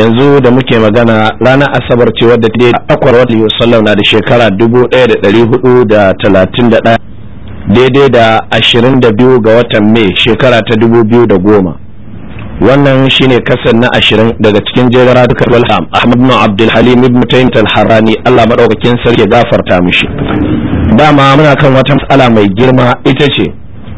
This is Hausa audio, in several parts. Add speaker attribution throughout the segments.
Speaker 1: yanzu da muke magana ranar asabar ce wadda ta daidai akwai wata yiwu sallam na da shekara 1431 daidai da 22 ga watan mai shekara ta goma. wannan shine kasan na ashirin daga cikin jirgin duka walham ahmad bin abdul halim ibn tayyib talharani Allah madaukakin sarki gafarta mishi dama muna kan wata matsala mai girma ita ce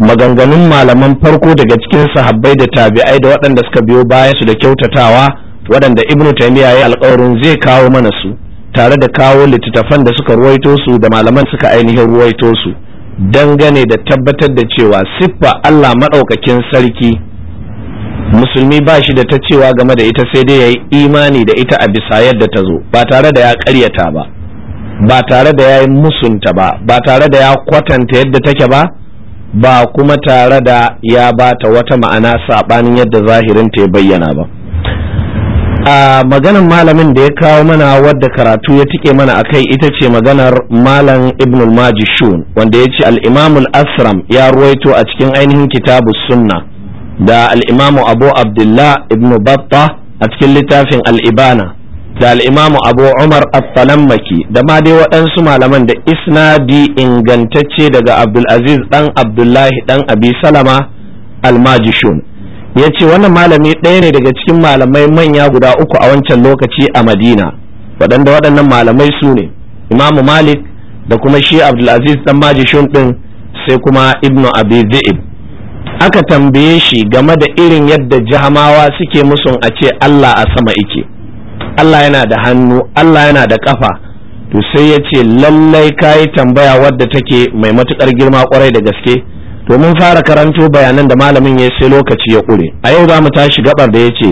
Speaker 1: maganganun malaman farko daga cikin sahabbai da tabi'ai da waɗanda suka biyo baya su da kyautatawa waɗanda ibnu taymiya ya alƙawarin zai kawo mana su tare da kawo littattafan da suka ruwaito su da malaman suka ainihin ruwaito su dangane da tabbatar da cewa siffa Allah maɗaukakin sarki musulmi ba shi da ta cewa game da ita sai dai ya yi imani da ita a bisa yadda ta zo ba tare da ya ƙaryata ba ba tare da ya yi musunta ba ba tare da ya kwatanta yadda take ba ba kuma tare da ya bata wata ma'ana saɓanin yadda zahirinta ya bayyana ba. a maganar malamin da ya kawo mana wadda karatu ya tike mana a kai ita ce maganar malam ibn majishun wanda ya ce al'imamul asram ya ruwaito a cikin ainihin kitabu sunna da al'imamu abu abdullah ibn batta a cikin littafin al'ibana da al'imamu abu umar at da ma dai waɗansu malaman da isnadi ingantacce daga abdulaziz ɗan abdullahi ɗan abi salama al-majishun ya ce wannan malami ɗaya ne daga cikin malamai manya guda uku a wancan lokaci a madina waɗanda waɗannan malamai su ne imamu malik da kuma shi abdulaziz dan majishun ɗin sai kuma ibnu abi zaib aka tambaye shi game da irin yadda jahamawa suke musun a ce allah a sama ike allah yana da hannu allah yana da kafa to sai ya ce lallai ka yi tambaya wadda take mai matuƙar girma kwarai da gaske to mun fara karanto bayanan da malamin ya sai lokaci ya ƙure a yau za mu tashi gabar da ya ce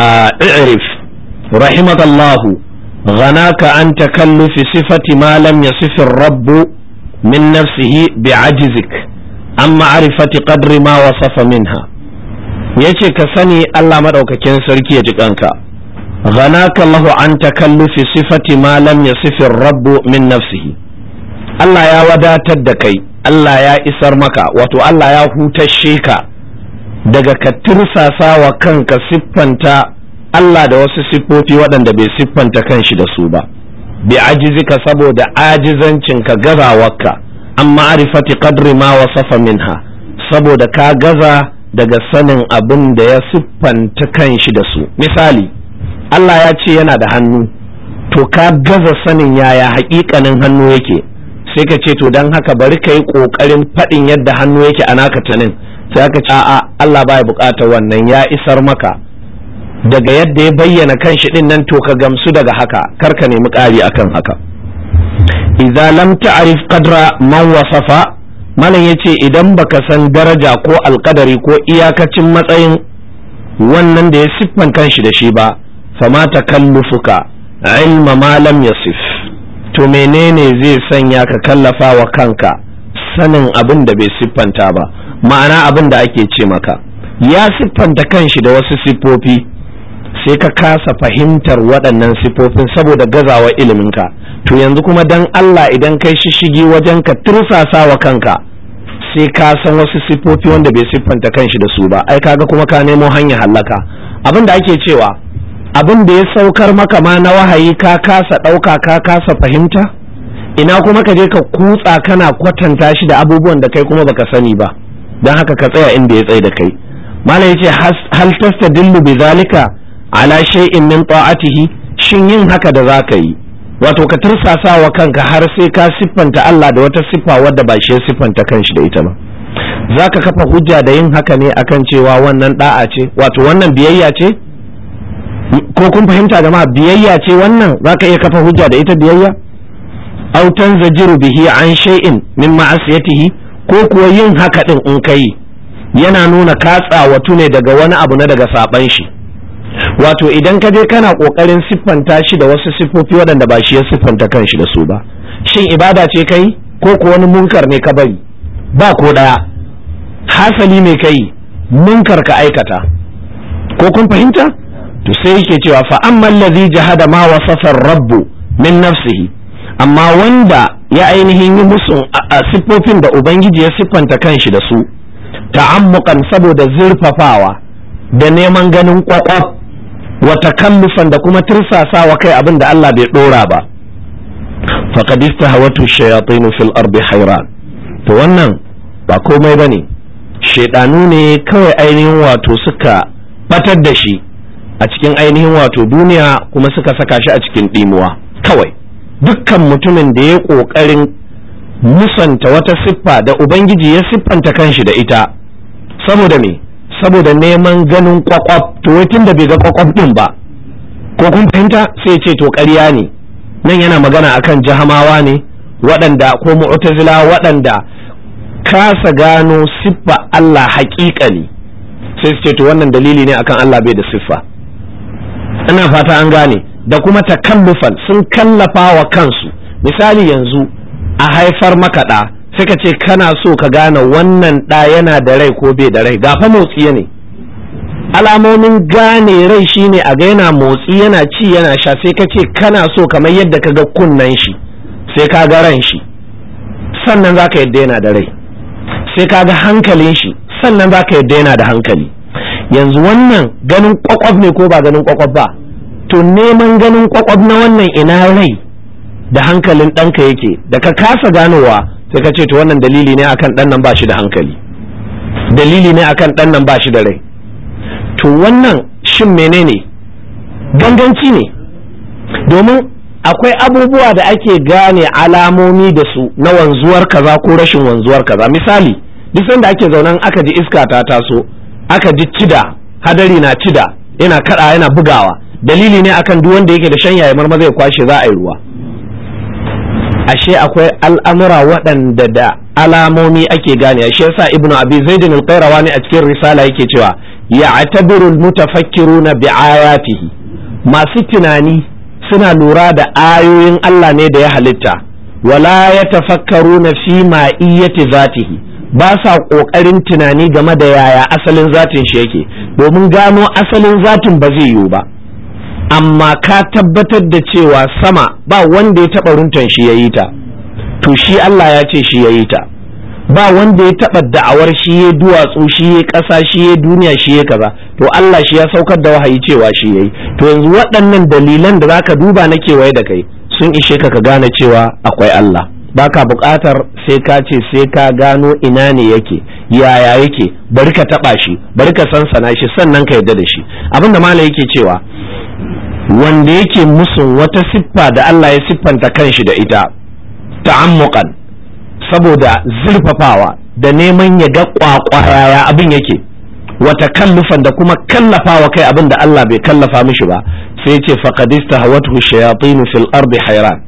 Speaker 1: a i'rif rahimakallahu ghanaka an takallufi sifati ma lam yasifir rabbu min nafsihi bi ajizik an ma'arifati qadri ma wasafa minha yace ka sani Allah madaukakin sarki ya ji kanka ghanaka Allahu an takallufi sifati ma lam yasifir rabbu min nafsihi Allah ya wadatar da kai Allah ya isar maka wato Allah ya hutashe ka daga ka tursasa wa kanka siffanta Allah da wasu siffofi waɗanda bai siffanta kanshi da su ba bi ajizika saboda ka gazawarka amma arifati qadri ma wasafa minha saboda ka gaza daga sanin abin da ya siffanta kanshi da su misali Allah ya ce yana da hannu to ka gaza sanin yaya hakikanin hannu yake sai ka ce to don haka bari ka yi ƙoƙarin faɗin yadda hannu yake a naka tanin sai aka ce a'a Allah ba ya buƙata wannan ya isar maka daga yadda ya bayyana kan shi ɗin nan to ka gamsu daga haka kar ka nemi ƙari akan haka idza lam ta'rif qadra man wasafa malam yace idan baka san daraja ko alƙadari ko iyakacin matsayin wannan da ya siffan kanshi da shi ba fama takallufuka ilma ma lam yasif to menene zai sanya ka kallafa wa kanka sanin abin da bai siffanta ba ma'ana abin da ake ce maka ya siffanta kanshi da wasu siffofi sai ka kasa fahimtar waɗannan siffofin saboda gazawa iliminka to yanzu kuma dan Allah idan kai shishigi wajen ka tursasa wa kanka sai ka san wasu siffofi wanda bai siffanta kanshi da su ba ai kaga kuma ka nemo hanya hallaka abin da ake cewa abin da ya saukar maka ma na wahayi ka kasa ɗauka ka kasa fahimta ina kuma ka je ka kutsa kana kwatanta shi da abubuwan da kai kuma baka sani ba don haka ka tsaya inda ya tsaye da kai malam ce hal dillu bi zalika ala shay'in min ta'atihi shin yin haka da zaka yi wato ka tursasa wa kanka har sai ka siffanta Allah da wata siffa wadda ba shi ya siffanta kanshi da ita ba zaka kafa hujja da yin haka ne akan cewa wannan da'a ce wato wannan biyayya ce ko kun fahimta jama'a biyayya ce wannan zaka iya kafa hujja da ita biyayya aw zajiru bihi an shay'in min ma'asiyatihi ko kuwa yin haka din in kai yana nuna katsa watu ne daga wani abu na daga saban shi wato idan ka je kana kokarin siffanta shi da wasu siffofi waɗanda ba shi ya siffanta kanshi da su ba shin ibada ce kai ko kuwa wani munkar ne ka bari ba ko daya hasali mai kai munkar ka aikata ko kun fahimta to sai yake cewa fa amma allazi jahada ma wasafa rabbu min nafsihi amma wanda ya ainihin yi musu siffofin da ubangiji ya siffanta kanshi da su ta'ammukan saboda zurfafawa da neman ganin kwakwaf wa takallufan da kuma tirsasawa kai abin da Allah bai dora ba faqad istahawatu shayatin fil ardi hayran to wannan ba komai bane shedanu ne kawai ainihin wato suka batar da shi a cikin ainihin wato duniya kuma suka saka shi a cikin ɗimuwa kawai dukkan mutumin da ya ƙoƙarin musanta wata siffa da ubangiji ya siffanta kanshi da ita saboda me saboda neman ganin kwakwaf to wai tun da bai ga kwakwaf din ba ko kun fahimta sai ce to ƙarya ne nan yana magana akan jahamawa ne waɗanda ko mu'tazila waɗanda kasa gano siffa Allah ne sai su ce to wannan dalili ne akan Allah bai da siffa ina fata an gane da kuma takallufan sun kallafa wa kansu misali yanzu a haifar maka ɗa sai ka ce kana so ka gane wannan ɗa yana da rai ko bai da rai gafa motsi ne alamomin gane rai shine a ga yana motsi yana ci yana sha sai ka ce kana so kamar yadda ka ga kunnen shi sai ka ga ran shi sannan za ka yadda yana da rai sai ka ga hankalin shi sannan za ka yadda yana da hankali yanzu wannan ganin kwakwaf ne ko ba ganin kwakwaf ba to neman ganin kwakwaf na wannan ina rai da hankalin ɗanka yake da ka kasa ganowa sai ka ce to wannan dalili ne akan ɗan nan ba shi da hankali dalili ne akan ɗan nan ba shi da rai to wannan shin menene ganganci ne domin akwai abubuwa da ake gane alamomi da su na wanzuwar kaza ko rashin wanzuwar kaza misali duk sanda ake zaunan aka ji iska ta taso aka ji cida hadari na cida yana kada yana bugawa dalili ne akan duk wanda yake da shanya ya marma zai kwashe za a yi ruwa ashe akwai al'amura waɗanda da alamomi ake gane shi yasa ibnu abi zaidin al ne a cikin risala yake cewa ya'tabiru al-mutafakkiruna bi'ayatihi masu tunani suna lura da ayoyin Allah ne da ya halitta wala yatafakkaruna fi ma'iyyati zatihi ba sa ƙoƙarin tunani game da yaya asalin zatin shi yake domin gano asalin zatin ba zai yiwu ba amma ka tabbatar da cewa sama ba wanda ya taɓa runtan shi ya yi ta to shi Allah ya ce shi ya yi ta ba wanda ya taɓa da'awar shi ya duwatsu shi ya ƙasa shi ya duniya shi ya kaza to Allah shi ya saukar da wahayi cewa shi ya yi to yanzu waɗannan dalilan da zaka duba na kewaye da kai sun ishe ka ka gane cewa akwai Allah baka buƙatar sai ka ce sai ka gano ina ne yake yaya yake bari ka taɓa shi bari ka sansana shi sannan ka yarda da shi Abinda da malam yake cewa wanda yake musu wata siffa da Allah ya siffanta kanshi da ita ta'ammuqan saboda zurfafawa da neman ya ga ya abin yake wata kallufan da kuma kallafawa kai abin da Allah bai kallafa mishi ba sai ce faqadista hawatu shayatin fil ardi hayran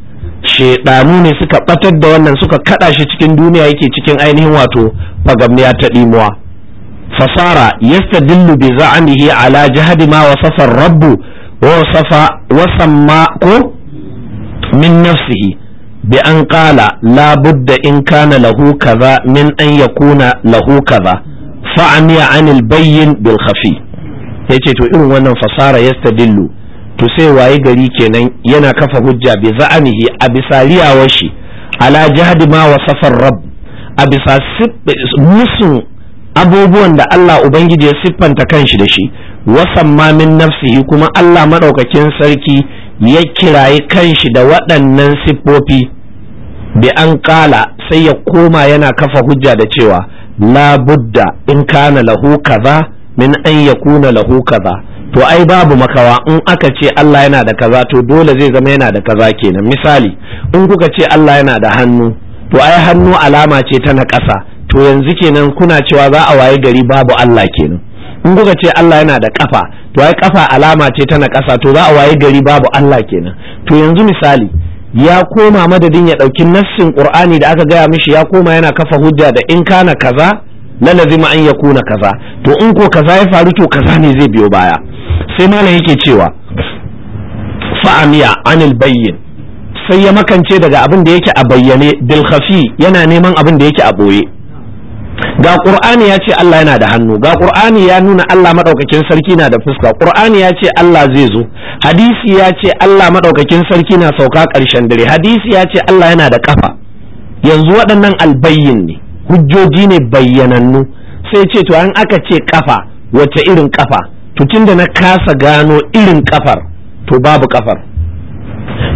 Speaker 1: shedanu ne suka batar da wannan suka kada shi cikin duniya yake cikin ainihin wato fagamniya ta dimuwa fasara yastadillu bi za'amihi ala jahadi ma wasafa rabbu wa wasafa wasamma ko min nafsihi bi an qala la budda in kana lahu kaza min an yakuna lahu kaza fa'amiya anil bayyin bil khafi yace to irin wannan fasara yastadillu to sai waye gari kenan yana kafa hujja bi za'anihi a bisa riyawar shi ala jihadi ma wa safar rab a bisa abubuwan da Allah Ubangiji ya siffanta kanshi da shi wasan mamin nafsihi kuma Allah maɗaukakin sarki ya kirayi kanshi da waɗannan siffofi bi an kala sai ya koma yana kafa hujja da cewa la budda in kana lahu kaza min an yakuna lahu kaza to ai babu makawa in aka ce Allah yana da kaza to dole zai zama yana da kaza kenan misali in kuka ce Allah yana da hannu to ai hannu alama ce ta na ƙasa to yanzu kenan kuna cewa za a waye gari babu Allah kenan in kuka ce Allah yana da kafa to ai kafa alama ce ta na ƙasa to za a waye gari babu Allah kenan to yanzu misali ya koma madadin ya ɗauki nassin ƙur'ani da aka gaya mishi ya koma yana kafa hujja da in kana kaza na lazima an yakuna kaza to in ko kaza ya faru to kaza ne zai biyo baya sai malam yake cewa fa'amiya anil bayyin sai ya makance daga abin da yake a bayyane bil khafi yana neman abin da yake a boye ga qur'ani ya ce Allah yana da hannu ga qur'ani ya nuna Allah madaukakin sarki na da fuska qur'ani ya ce Allah zai zo hadisi ya ce Allah madaukakin sarki na sauka karshen dare hadisi ya ce Allah yana da kafa yanzu waɗannan albayyin ne hujjoji ne bayyanannu sai ce to an aka ce kafa wace irin kafa to tunda na kasa gano irin kafar to babu kafar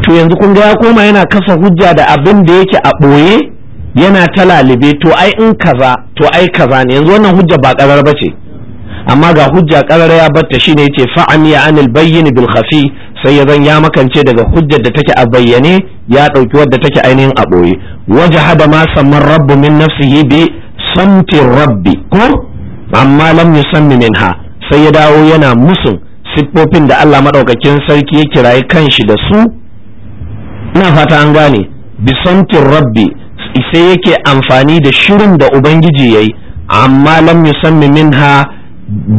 Speaker 1: to yanzu kun ga ya koma yana kasa hujja da abin da yake a ɓoye yana ta lalibe to ai in kaza to ai kaza ne yanzu wannan hujja ba karar ba ce amma ga hujja karar ya batta shine yace fa'amiya anil bayyin bil khafi sai ya zan ya makance daga hujjar da take a bayyane ya ɗauki wadda take ainihin a ɓoye waje hada ma samman rabbu min nafsihi bi samtin rabbi ko amma lam yusammi minha sai ya dawo yana musun siffofin da Allah maɗaukakin sarki ya kan shi da su ina fata an gane bi samtin rabbi sai yake amfani da shirin da ubangiji yayi amma lam yusammi minha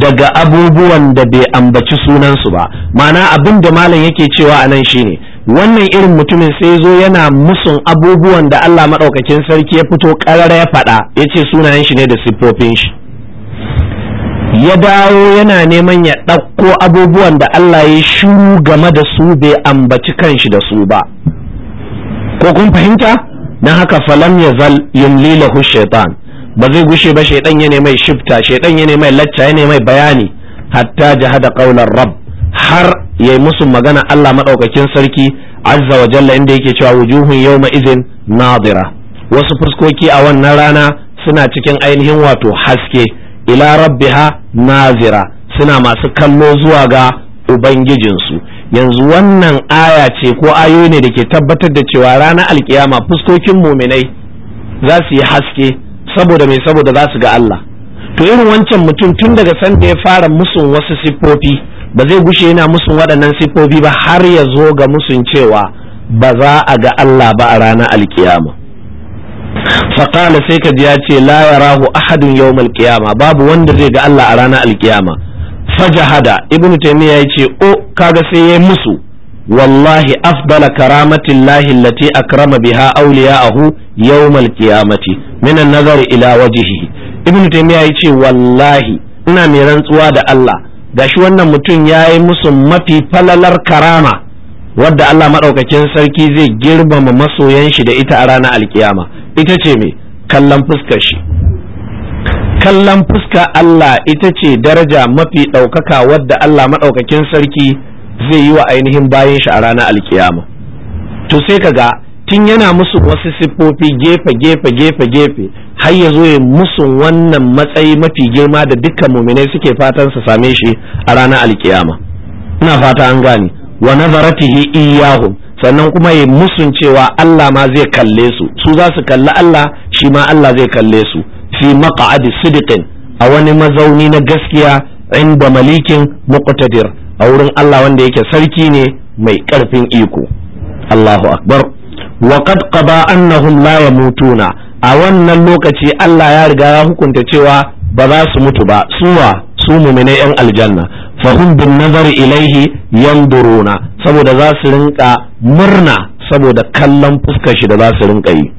Speaker 1: daga abubuwan da bai ambaci sunansu ba ma'ana abin da malam yake cewa anan nan shine wannan irin mutumin sai zo yana musun abubuwan da Allah maɗaukakin sarki ya fito ƙarara ya faɗa ya ce sunayen shi ne da siffofin shi ya dawo yana neman ya ɗauko abubuwan da Allah ya shuru game da su bai ambaci kanshi da su ba ko kun fahimta na haka falam ya zal shaitan ba zai gushe ba shaidan ya mai shifta shaidan ya mai lacca ya mai bayani hatta jahada qaular rabb har ya yi musu magana Allah madaukakin sarki azza wa jalla inda yake cewa wujuhun yawma izin nadira wasu fuskoki a wannan rana suna cikin ainihin wato haske ila rabbiha nazira suna masu kallo zuwa ga ubangijinsu yanzu wannan aya ce ko ayoyi ne da ke tabbatar da cewa ranar alkiyama fuskokin muminai za su yi haske saboda mai saboda za su ga Allah to irin wancan mutum tun daga sanda ya fara musun wasu siffofi ba zai gushe yana musun waɗannan siffofi ba har ya zo ga musun cewa ba za a ga Allah ba a ranar alkiyama faƙala sai ka ji ya ce la yarahu ahadun yau qiyama babu wanda zai ga Allah a ranar alkiyama fajahada ibnu taymiya ya ce o oh, kaga sai yayi musu wallahi afdala karamatin lahi lati akrama biha awliya'ahu yawmal qiyamati min an-nazar ila wajhihi ibnu taymiya yace wallahi ina mai rantsuwa da Allah gashi wannan mutum yayi musu mafi falalar karama wadda Allah madaukakin sarki zai girmama masoyan shi da ita a ranar alkiyama ita ce me kallon fuskar shi kallon fuska Allah ita ce daraja mafi ɗaukaka wadda Allah maɗaukakin sarki zai yi wa ainihin bayan shi a ranar alkiyama to sai ga tun yana musu wasu siffofi gefe gefe gefe gefe har ya zo ya musu wannan matsayi mafi girma da dukkan muminai suke fatan su same shi a ranar alkiyama ina fata an gane wa nazaratihi iyahum sannan kuma ya musun cewa Allah ma zai kalle su su za su kalli Allah shi ma Allah zai kalle su fi maq'adi sidiqin a wani mazauni na gaskiya inda malikin muqtadir a wurin Allah wanda yake sarki ne mai ƙarfin iko Allahu akbar wa qad qada annahum la yamutuna a wannan lokaci Allah ya riga ya hukunta cewa ba za su mutu ba suwa su mumine yan aljanna fa hum bin nazari ilaihi yanduruna saboda za su rinka murna saboda kallon fuskar shi da za su rinka yi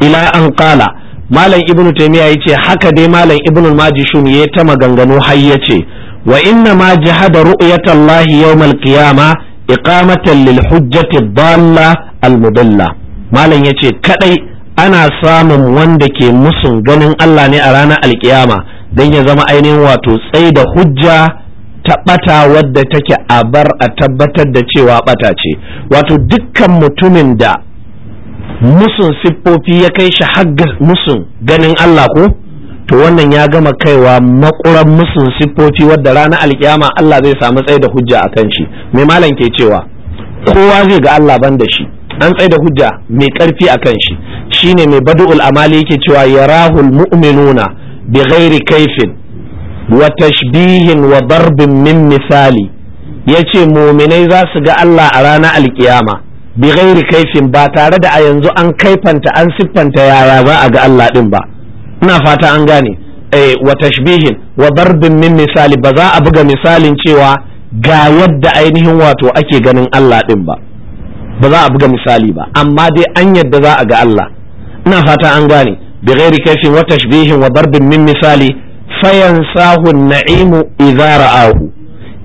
Speaker 1: ila an qala malam ibnu taymiya yace haka dai malam ibnu majishun ya ta maganganu har yace wa inna ma jahada ru'yatallahi yawmal qiyama iqamatan lil hujjati dalla al mudalla malam yace kadai ana samun wanda ke musun ganin Allah ne a ranar alkiyama don ya zama ainihin wato tsaida da hujja ta ɓata wadda take a bar a tabbatar da cewa ɓata ce wato dukkan mutumin da musun siffofi ya kai shi har musun ganin Allah ko to wannan ya gama kaiwa makuran musu siffofi wadda ranar alkiyama Allah zai samu tsaye da hujja a kan shi mai malam ke cewa kowa zai ga Allah ban da shi an tsaye da hujja mai karfi a kan shi shine mai badu'ul amali yake cewa rahul mu'minuna bi ghairi kaifin wa tashbihin wa darbin min misali yace mu'minai za su ga Allah a ranar alkiyama bi ghairi kaifin ba tare da a yanzu an kaifanta an siffanta yara za a ga Allah din ba ina fata an gane eh, wa tashbihin wa darbin min misali ba za a buga misalin cewa ga yadda ainihin wato ake ganin Allah din ba ba za a buga misali ba amma dai an yadda za a ga Allah ina fata an gane bi ghairi kafin wa tashbihin wa darbin min misali fayan sahun naimu idza ra'ahu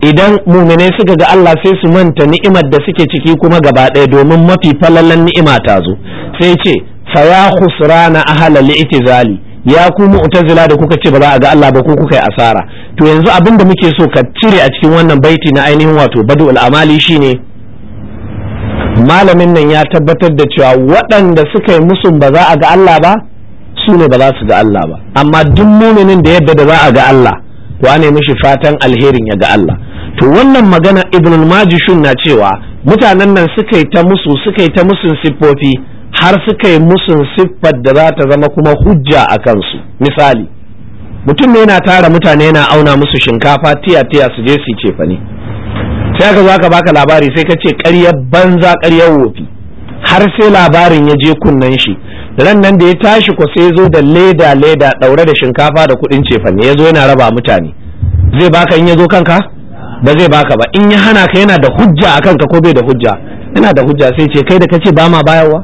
Speaker 1: idan muminai suka ga Allah sai su manta ni'imar da suke ciki kuma gaba ɗaya domin mafi falalan ni'ima ta zo sai ce fa ya khusrana ahla itizali ya ku mu'tazila da kuka ce ba za a ga Allah ba ko kuka yi asara to yanzu abin da muke so ka cire a cikin wannan baiti na ainihin wato al amali shine malamin nan ya tabbatar da cewa waɗanda suka yi musun ba za a ga Allah ba su ne ba za su ga Allah ba amma duk muminin da yadda da za a ga Allah to ne mishi fatan alherin ya ga Allah to wannan magana ibnul majishun na cewa mutanen nan suka yi ta musu suka yi ta musun siffofi har suka yi musu siffar da za ta zama kuma hujja a kansu misali mutum ne yana tara mutane yana auna musu shinkafa tiya tiya su je su ce fani sai aka zo aka baka labari sai ka ce ƙaryar banza ƙaryar wofi har sai labarin ya je kunnen shi ran nan da ya tashi ko sai zo da leda leda daure da shinkafa da kuɗin cefane ya zo yana raba mutane zai baka in ya zo kanka ba zai baka ba in ya hana ka yana da hujja a kanka ko bai da hujja yana da hujja sai ce kai da kace ba ma bayarwa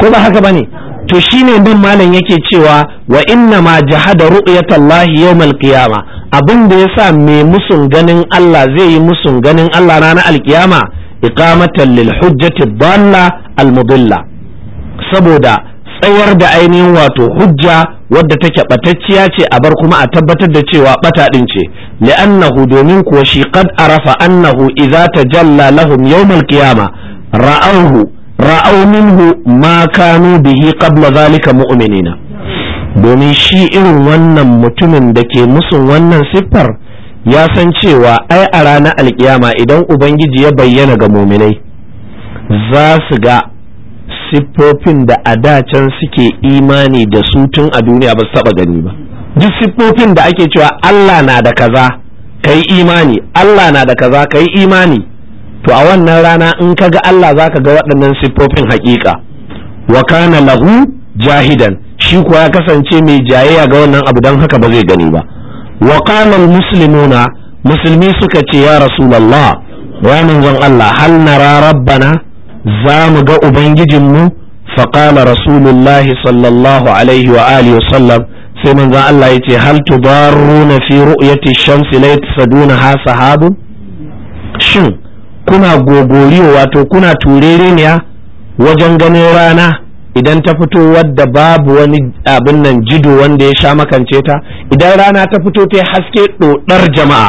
Speaker 1: ko ba haka bane to shine bin malam yake cewa wa inna ma jahada ru'yatallahi yawmal qiyama abin da yasa mai musun ganin Allah zai yi musun ganin Allah ranar alkiyama iqamatan lil hujjati dalla al mudilla saboda tsayar da ainihin wato hujja wadda take batacciya ce a bar kuma a tabbatar da cewa bata din ce li'annahu domin kuwa shi qad arafa annahu idza tajalla lahum yawmal qiyama ra'awhu ra'au minhu ma kanu bihi qabla zalika mu'minina domin shi irin wannan mutumin da ke musun wannan siffar ya san cewa ai a ranar alkiyama idan ubangiji ya bayyana ga muminai za su ga siffofin da a can suke imani da su tun a duniya ba su taba gani ba duk siffofin da ake cewa Allah na da kaza kai imani Allah na da kaza kai imani to a wannan rana in ka ga Allah za ka ga waɗannan siffofin haƙiƙa wa kana lahu jahidan shi kuwa ya kasance mai jayayya ga wannan abu don haka ba zai gani ba wa qala muslimuna musulmi suka ce ya rasulullah ya manzon Allah hal nara rabbana za mu ga ubangijinmu fa qala rasulullah sallallahu alaihi wa alihi wasallam sai manzon Allah ya ce hal tudarruna fi ru'yati shamsi la tasaduna ha sahabun shin kuna gogoriyo wato kuna turereniya wajen ganin rana idan ta fito wadda babu wani abin nan jido wanda ya sha makance ta idan rana ta fito ta haske ɗoɗar jama'a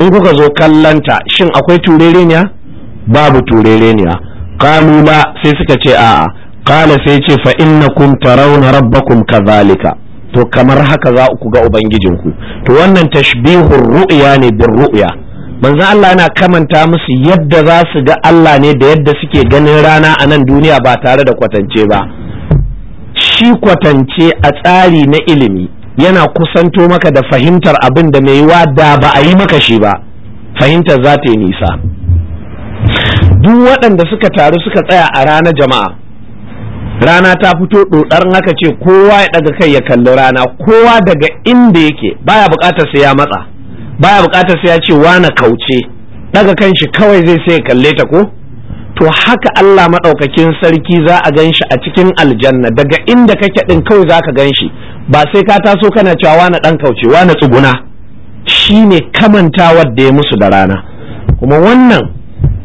Speaker 1: in kuka zo kallanta shin akwai turereniya babu turereniya kanu sai suka ce a'a kala sai ce fa innakum tarawna rabbakum kazalika to kamar haka za ku ga ubangijinku to wannan tashbihur ru'ya ne bin ru'ya manzo Allah yana kamanta musu yadda za su ga Allah ne da yadda suke ganin rana a nan duniya ba tare da kwatance ba shi kwatance a tsari na ilimi yana kusanto maka da fahimtar abin da mai yiwa da ba a yi maka shi ba fahimtar za ta yi nisa duk waɗanda suka taru suka tsaya a rana jama'a rana ta fito ɗoɗar haka ce kowa ya ɗaga kai ya kalli rana kowa daga inda yake baya buƙatar sai ya matsa baya bukatar sai ya ce na kauce daga kanshi kawai zai sai kalle ta ko to haka Allah maɗaukakin sarki za a ganshi a cikin aljanna daga inda kake ɗin kawai za ka gan shi ba sai ka taso kana cewa wana ɗan kauce wana tsuguna shi ne kamantawar da ya musu da rana kuma wannan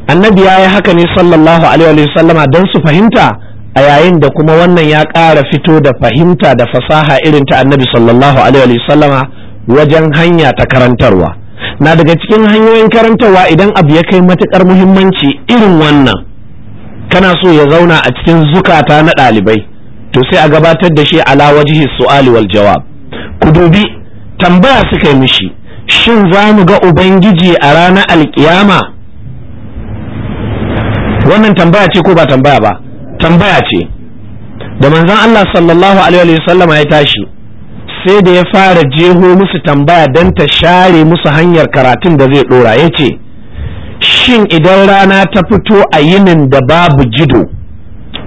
Speaker 1: annabi ya yi haka ne sallallahu alaihi wa sallama don su fahimta a yayin da kuma wannan ya ƙara fito da fahimta da fasaha irin ta annabi sallallahu alaihi wa sallama wajen hanya ta karantarwa na daga cikin hanyoyin karantarwa idan abu ya kai matukar muhimmanci irin wannan kana so ya zauna a cikin zukata na ɗalibai to sai a gabatar da shi ala wajihi su'ali wal jawab ku dubi tambaya suka yi mishi shin za mu ga ubangiji a ranar alkiyama wannan tambaya ce ko ba tambaya ba tambaya ce da manzon Allah sallallahu alaihi wa sallama ya tashi sai da ya fara jeho musu tambaya don ta share musu hanyar karatun da zai ɗora ya ce shin idan rana ta fito a yinin da babu jido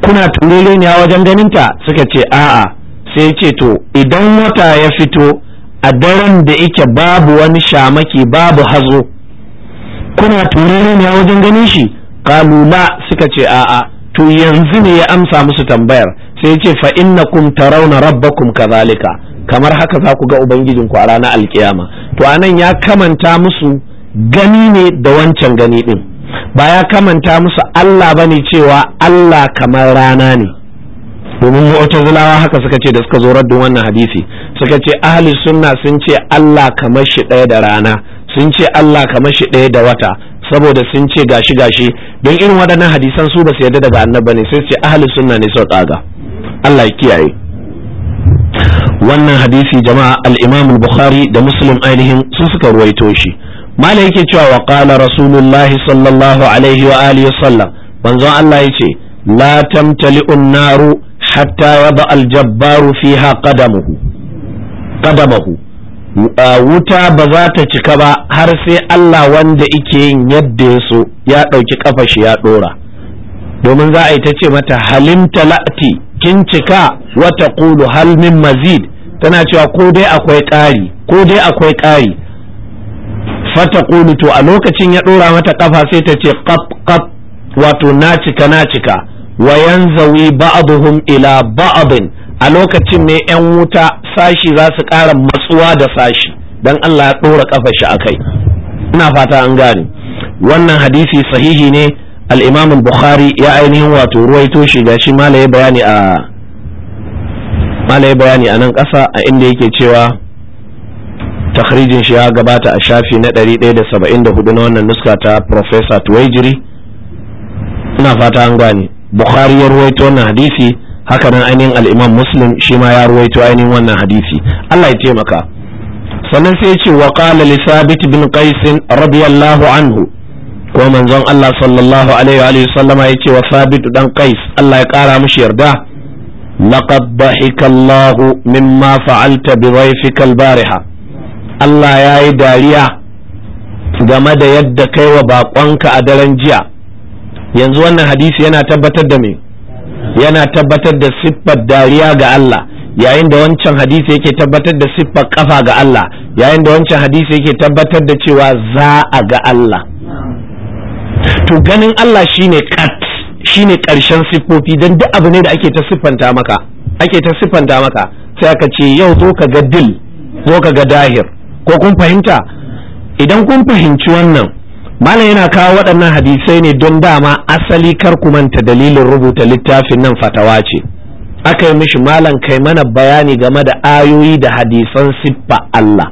Speaker 1: kuna turere ne a wajen ganinta suka ce a'a sai ce to idan wata ya fito a daren da ike babu wani shamaki babu hazo kuna turere ne a wajen ganin shi kalula suka ce a'a to yanzu ne ya amsa musu tambayar sai ce fa ta rauna rabbakum kazalika kamar haka za ku ga ubangijinku a ranar alkiyama to anan ya kamanta musu gani ne da wancan gani din ba ya kamanta musu Allah bane cewa Allah kamar rana ne domin mu'tazilawa haka suka ce da suka zo raddin wannan hadisi suka ce ahli sunna sun ce Allah kamar shi ɗaya da rana sun ce Allah kamar shi ɗaya da wata saboda sun ce gashi gashi don irin waɗannan hadisan su ba su yarda daga annabi ne sai su ce ahli sunna ne sau tsaga Allah ya kiyaye wannan hadisi jama'a al-imam al-bukhari da muslim ainihin sun suka ruwaito shi malai yake cewa wa qala rasulullahi sallallahu alaihi wa alihi sallam manzon Allah yace la tamtali naru hatta yada al-jabbaru fiha qadamuhu qadamuhu wuta ba za ta cika ba har sai Allah wanda yake yin yadda ya ya ɗauki kafa shi ya ɗora domin za a yi ta ce mata halim talati kin cika wata kulu hal min mazid tana cewa ko dai akwai ƙari ko dai akwai ƙari fata kulu to a lokacin ya ɗora mata kafa sai ta ce kaf kaf wato na cika na cika wa yanzawi ba'dhum ila ba'abin. a lokacin ne yan wuta sashi za su ƙara matsuwa da sashi dan Allah ya ɗora kafa shi akai ina fata an gane wannan hadisi sahihi ne al-imam bukhari ya ainihin wato ruwaito shi gashi shi bayani a malaye bayani a nan kasa a inda yake cewa takhrijin shi ya gabata a shafi na 174 na wannan nuska ta professor tuwaijiri ina fata an gane bukhari ya ruwaito wannan hadisi haka nan ainihin al-imam muslim shi ma ya ruwaito ainihin wannan hadisi Allah ya taimaka sannan sai ya ce wa qala li sabit bin qais radiyallahu anhu ko manzon Allah sallallahu alaihi wa sallama ya ce wa sabit dan kais Allah ya kara mishi yarda laqad dahika Allah mimma fa'alta bi dhayfika al-bariha Allah ya yi dariya game da yadda kai wa bakonka a daren jiya yanzu wannan hadisi yana tabbatar da me yana tabbatar da siffar dariya ga Allah yayin da wancan hadisi yake tabbatar da siffar kafa ga Allah yayin da wancan hadisi yake tabbatar da cewa za a ga Allah to ganin Allah shine kat shine karshen siffofi dan duk abu ne da ake ta siffanta maka ake ta siffanta maka sai aka ce yau zo ka ga dil zo ka ga dahir ko kun fahimta idan kun fahimci wannan malam yana kawo waɗannan hadisai ne don dama asali kar ku manta dalilin rubuta littafin nan fatawa ce aka yi mishi malam kai mana bayani game da ayoyi da hadisan siffa Allah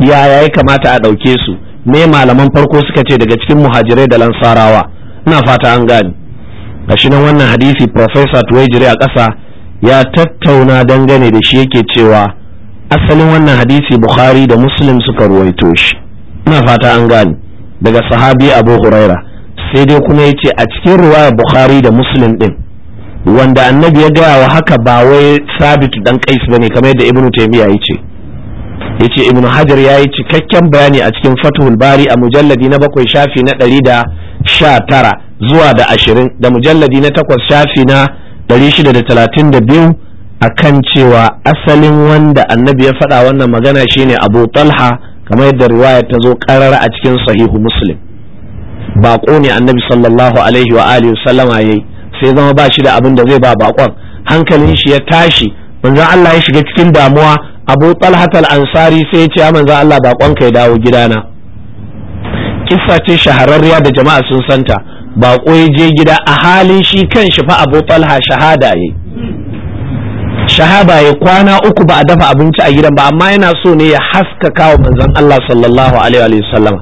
Speaker 1: yaya ya kamata a ɗauke su me malaman farko suka ce daga cikin muhajirai da lansarawa ina fata an gane gashi nan wannan hadisi professor tuwaijiri a ƙasa ya tattauna dangane da shi yake cewa asalin wannan hadisi bukhari da muslim suka ruwaito shi ina fata an gane daga sahabi abu huraira sai dai kuma ya ce a cikin ruwaya bukhari da muslim din wanda annabi ya gaya wa haka ba wai sabit dan kais bane kamar yadda ibnu taymiya ya ce ya ce ibn hajar ya yi cikakken bayani a cikin fathul bari a mujalladi na bakwai shafi na ɗari tara zuwa da ashirin da mujalladi na takwas shafi na 632 shida kan cewa asalin wanda annabi ya faɗa wannan magana shine abu talha kamar yadda riwaya ta zo ƙarara a cikin sahihu muslim baƙo ne annabi sallallahu alaihi wa alihi sallama yayi sai zama ba shi da abin da zai ba baƙon hankalin shi ya tashi manzon Allah ya shiga cikin damuwa abu talhatal ansari sai ya ce ya manzo Allah baƙon ya dawo gidana kissa ce shahararriya da jama'a sun santa baƙo ya je gida a halin shi kan shi fa abu talha shahada yi shahaba ya kwana uku ba a dafa abinci a gidan ba amma yana so ne ya haskaka wa manzan Allah sallallahu alaihi wasallama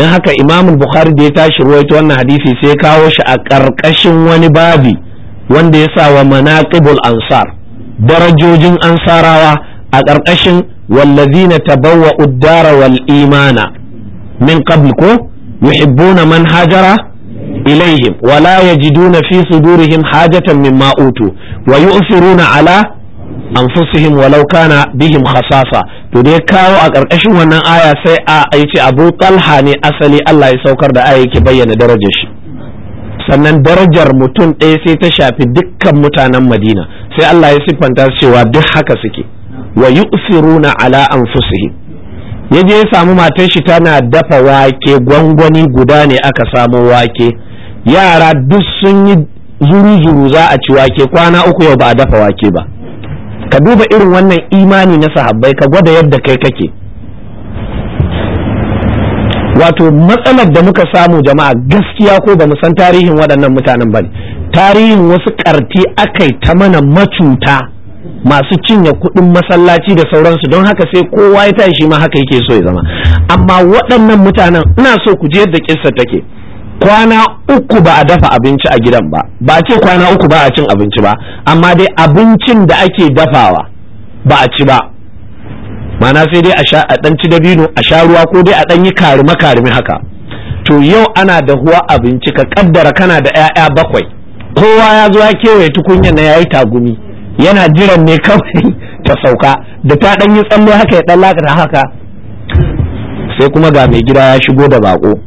Speaker 1: dan haka imam bukhari da ya tashi ruwaito wannan hadisi sai ya kawo shi a ƙarƙashin wani babi wanda ya sa wa manaqibul ansar darajojin ansarawa a ƙarƙashin wallazina tabawwa uddara wal imana min qabl ko yuhibbuna man hajara ilaihim wala yajiduna fi sudurihim hajatan mimma utu wa yu'thiruna ala anfusihim walau kana bihim khasasa to dai kawo a ƙarƙashin wannan aya sai a yace Abu Talha ne asali Allah ya saukar da aya yake bayyana darajar shi sannan darajar mutum ɗaya sai ta shafi dukkan mutanen Madina sai Allah ya siffanta cewa duk haka suke wa yu'siruna ala anfusihim ya je ya samu matar shi tana dafa wake gwangwani guda ne aka samu wake yara duk sun yi zuru-zuru za a ci wake kwana uku yau ba a dafa wake ba ka duba irin wannan imani na sahabbai ka gwada yadda kai kake wato matsalar da muka samu jama'a gaskiya ko ba mu san tarihin waɗannan mutanen ba ne tarihin wasu ƙarti akai ta mana macuta masu cinye kuɗin masallaci da sauransu don haka sai kowa ya tashi shi ma haka yake so ya zama amma waɗannan mutanen ina so ku je yadda kissa take kwana uku ba a dafa abinci a gidan ba ba ce kwana uku ba a cin abinci ba amma dai abincin da ake dafawa ba a ci ba mana sai dai a ɗan ci dabino a sha ruwa ko dai a ɗan yi karime karime haka to yau ana da huwa abinci ka kaddara kana da 'ya'ya bakwai kowa ya zo ya kewaye tukunya na yayi tagumi yana jiran ne kawai ta sauka da ta ɗan yi tsalle haka ya ɗan lakata haka sai kuma ga mai gida ya shigo da bako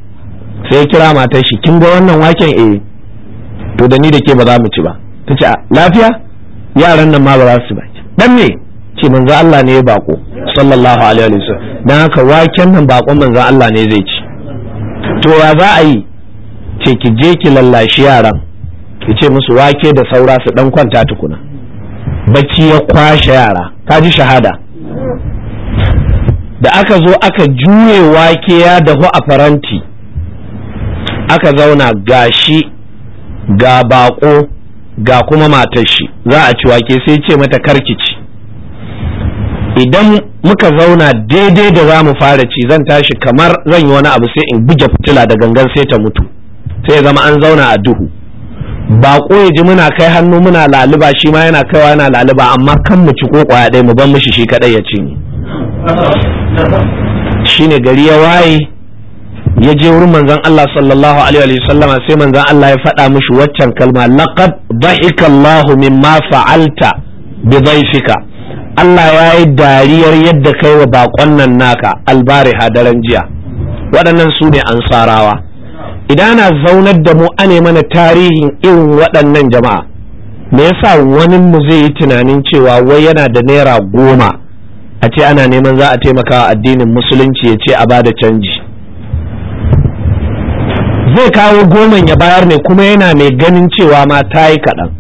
Speaker 1: sai kira matar shi kin ga wannan waken eh to da ni da ke ba za mu ci ba ta ce lafiya yaran nan ma ba za su ba dan me ce manzo Allah ne ya bako sallallahu alaihi wasallam dan haka waken nan bakon manzo Allah ne zai ci to ya za a yi ce ki je ki lallashi yaran ki ce musu wake da saura su dan kwanta tukuna bacci ya kwashe yara ka ji shahada da aka zo aka juye wake ya dahu a faranti aka zauna gashi ga bako ga kuma matar shi za a ci wake sai ce mata karkici idan muka zauna daidai da za mu fara ci zan tashi kamar zan yi wani abu sai in buge fitila da gangan sai ta mutu sai ya zama an zauna a duhu ba ya ji muna kai hannu muna laluba shi ma yana kaiwa yana laluba amma kan mu ci ko kwaya ɗaya mu ban mishi shi kaɗai ya ci shine gari ya waye ya je wurin manzon Allah sallallahu alaihi wa sallama sai manzon Allah ya faɗa mishi waccan kalma laqad dahika Allahu mimma fa'alta bi dhayfika Allah ya yi dariyar yadda kai wa baƙon nan naka albariha daren jiya waɗannan su ne ansarawa idan ana zaunar da mu ane mana tarihin irin waɗannan jama'a me yasa wani mu zai yi tunanin cewa wai yana da naira goma a ce ana neman za a taimaka addinin musulunci ya ce a bada canji zai kawo goman ya bayar ne kuma yana mai ganin cewa ma ta yi kaɗan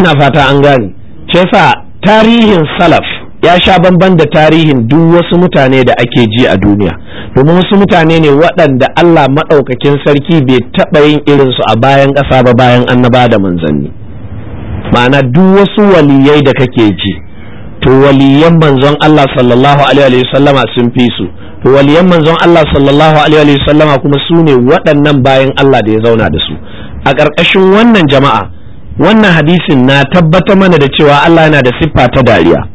Speaker 1: ina fata an gane ce sa tarihin salaf ya sha bamban da tarihin duk wasu mutane da ake ji a duniya domin wasu mutane ne waɗanda Allah maɗaukakin sarki bai taɓa yin irinsu a bayan ƙasa ba bayan annaba da manzanni ma'ana duk wasu waliyai da kake ji to waliyan manzon Allah sallallahu alaihi sallama sun fi su to waliyan manzon Allah sallallahu alaihi sallama kuma su ne waɗannan bayan Allah da ya zauna da su a ƙarƙashin wannan jama'a wannan hadisin na tabbata mana da cewa Allah yana da siffa ta dariya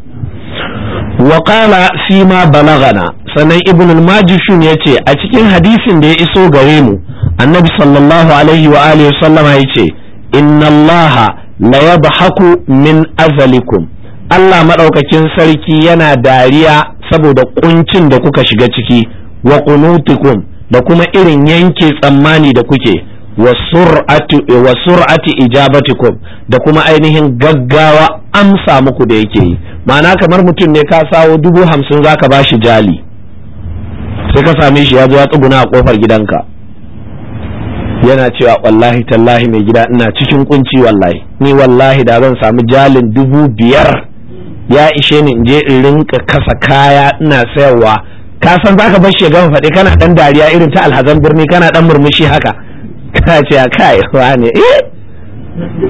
Speaker 1: wa Sima ma balagana sannan ibn al-majishun yace a cikin hadisin da ya iso gare mu annabi sallallahu alaihi wa alihi ya ce, inna allaha la min azalikum Allah madaukakin sarki yana dariya saboda kuncin da kuka shiga ciki wa qunutikum da kuma irin yanke tsammani da kuke Eh, wa sur'ati ijabatikum da kuma ainihin gaggawa amsa muku da yake yi ma'ana kamar mutum ne ka sawo dubu hamsin za zaka bashi jali sai ka same shi ya zo ya tsuguna a kofar gidanka yana cewa wallahi tallahi mai gida ina cikin kunci wallahi ni wallahi da zan samu jalin dubu biyar ya ishe ni in je in rinka kasa kaya ina sayarwa ka san zaka bar shi ya gama faɗi kana ɗan dariya irin ta alhazan birni kana ɗan murmushi haka Ka ce a kai ne, eh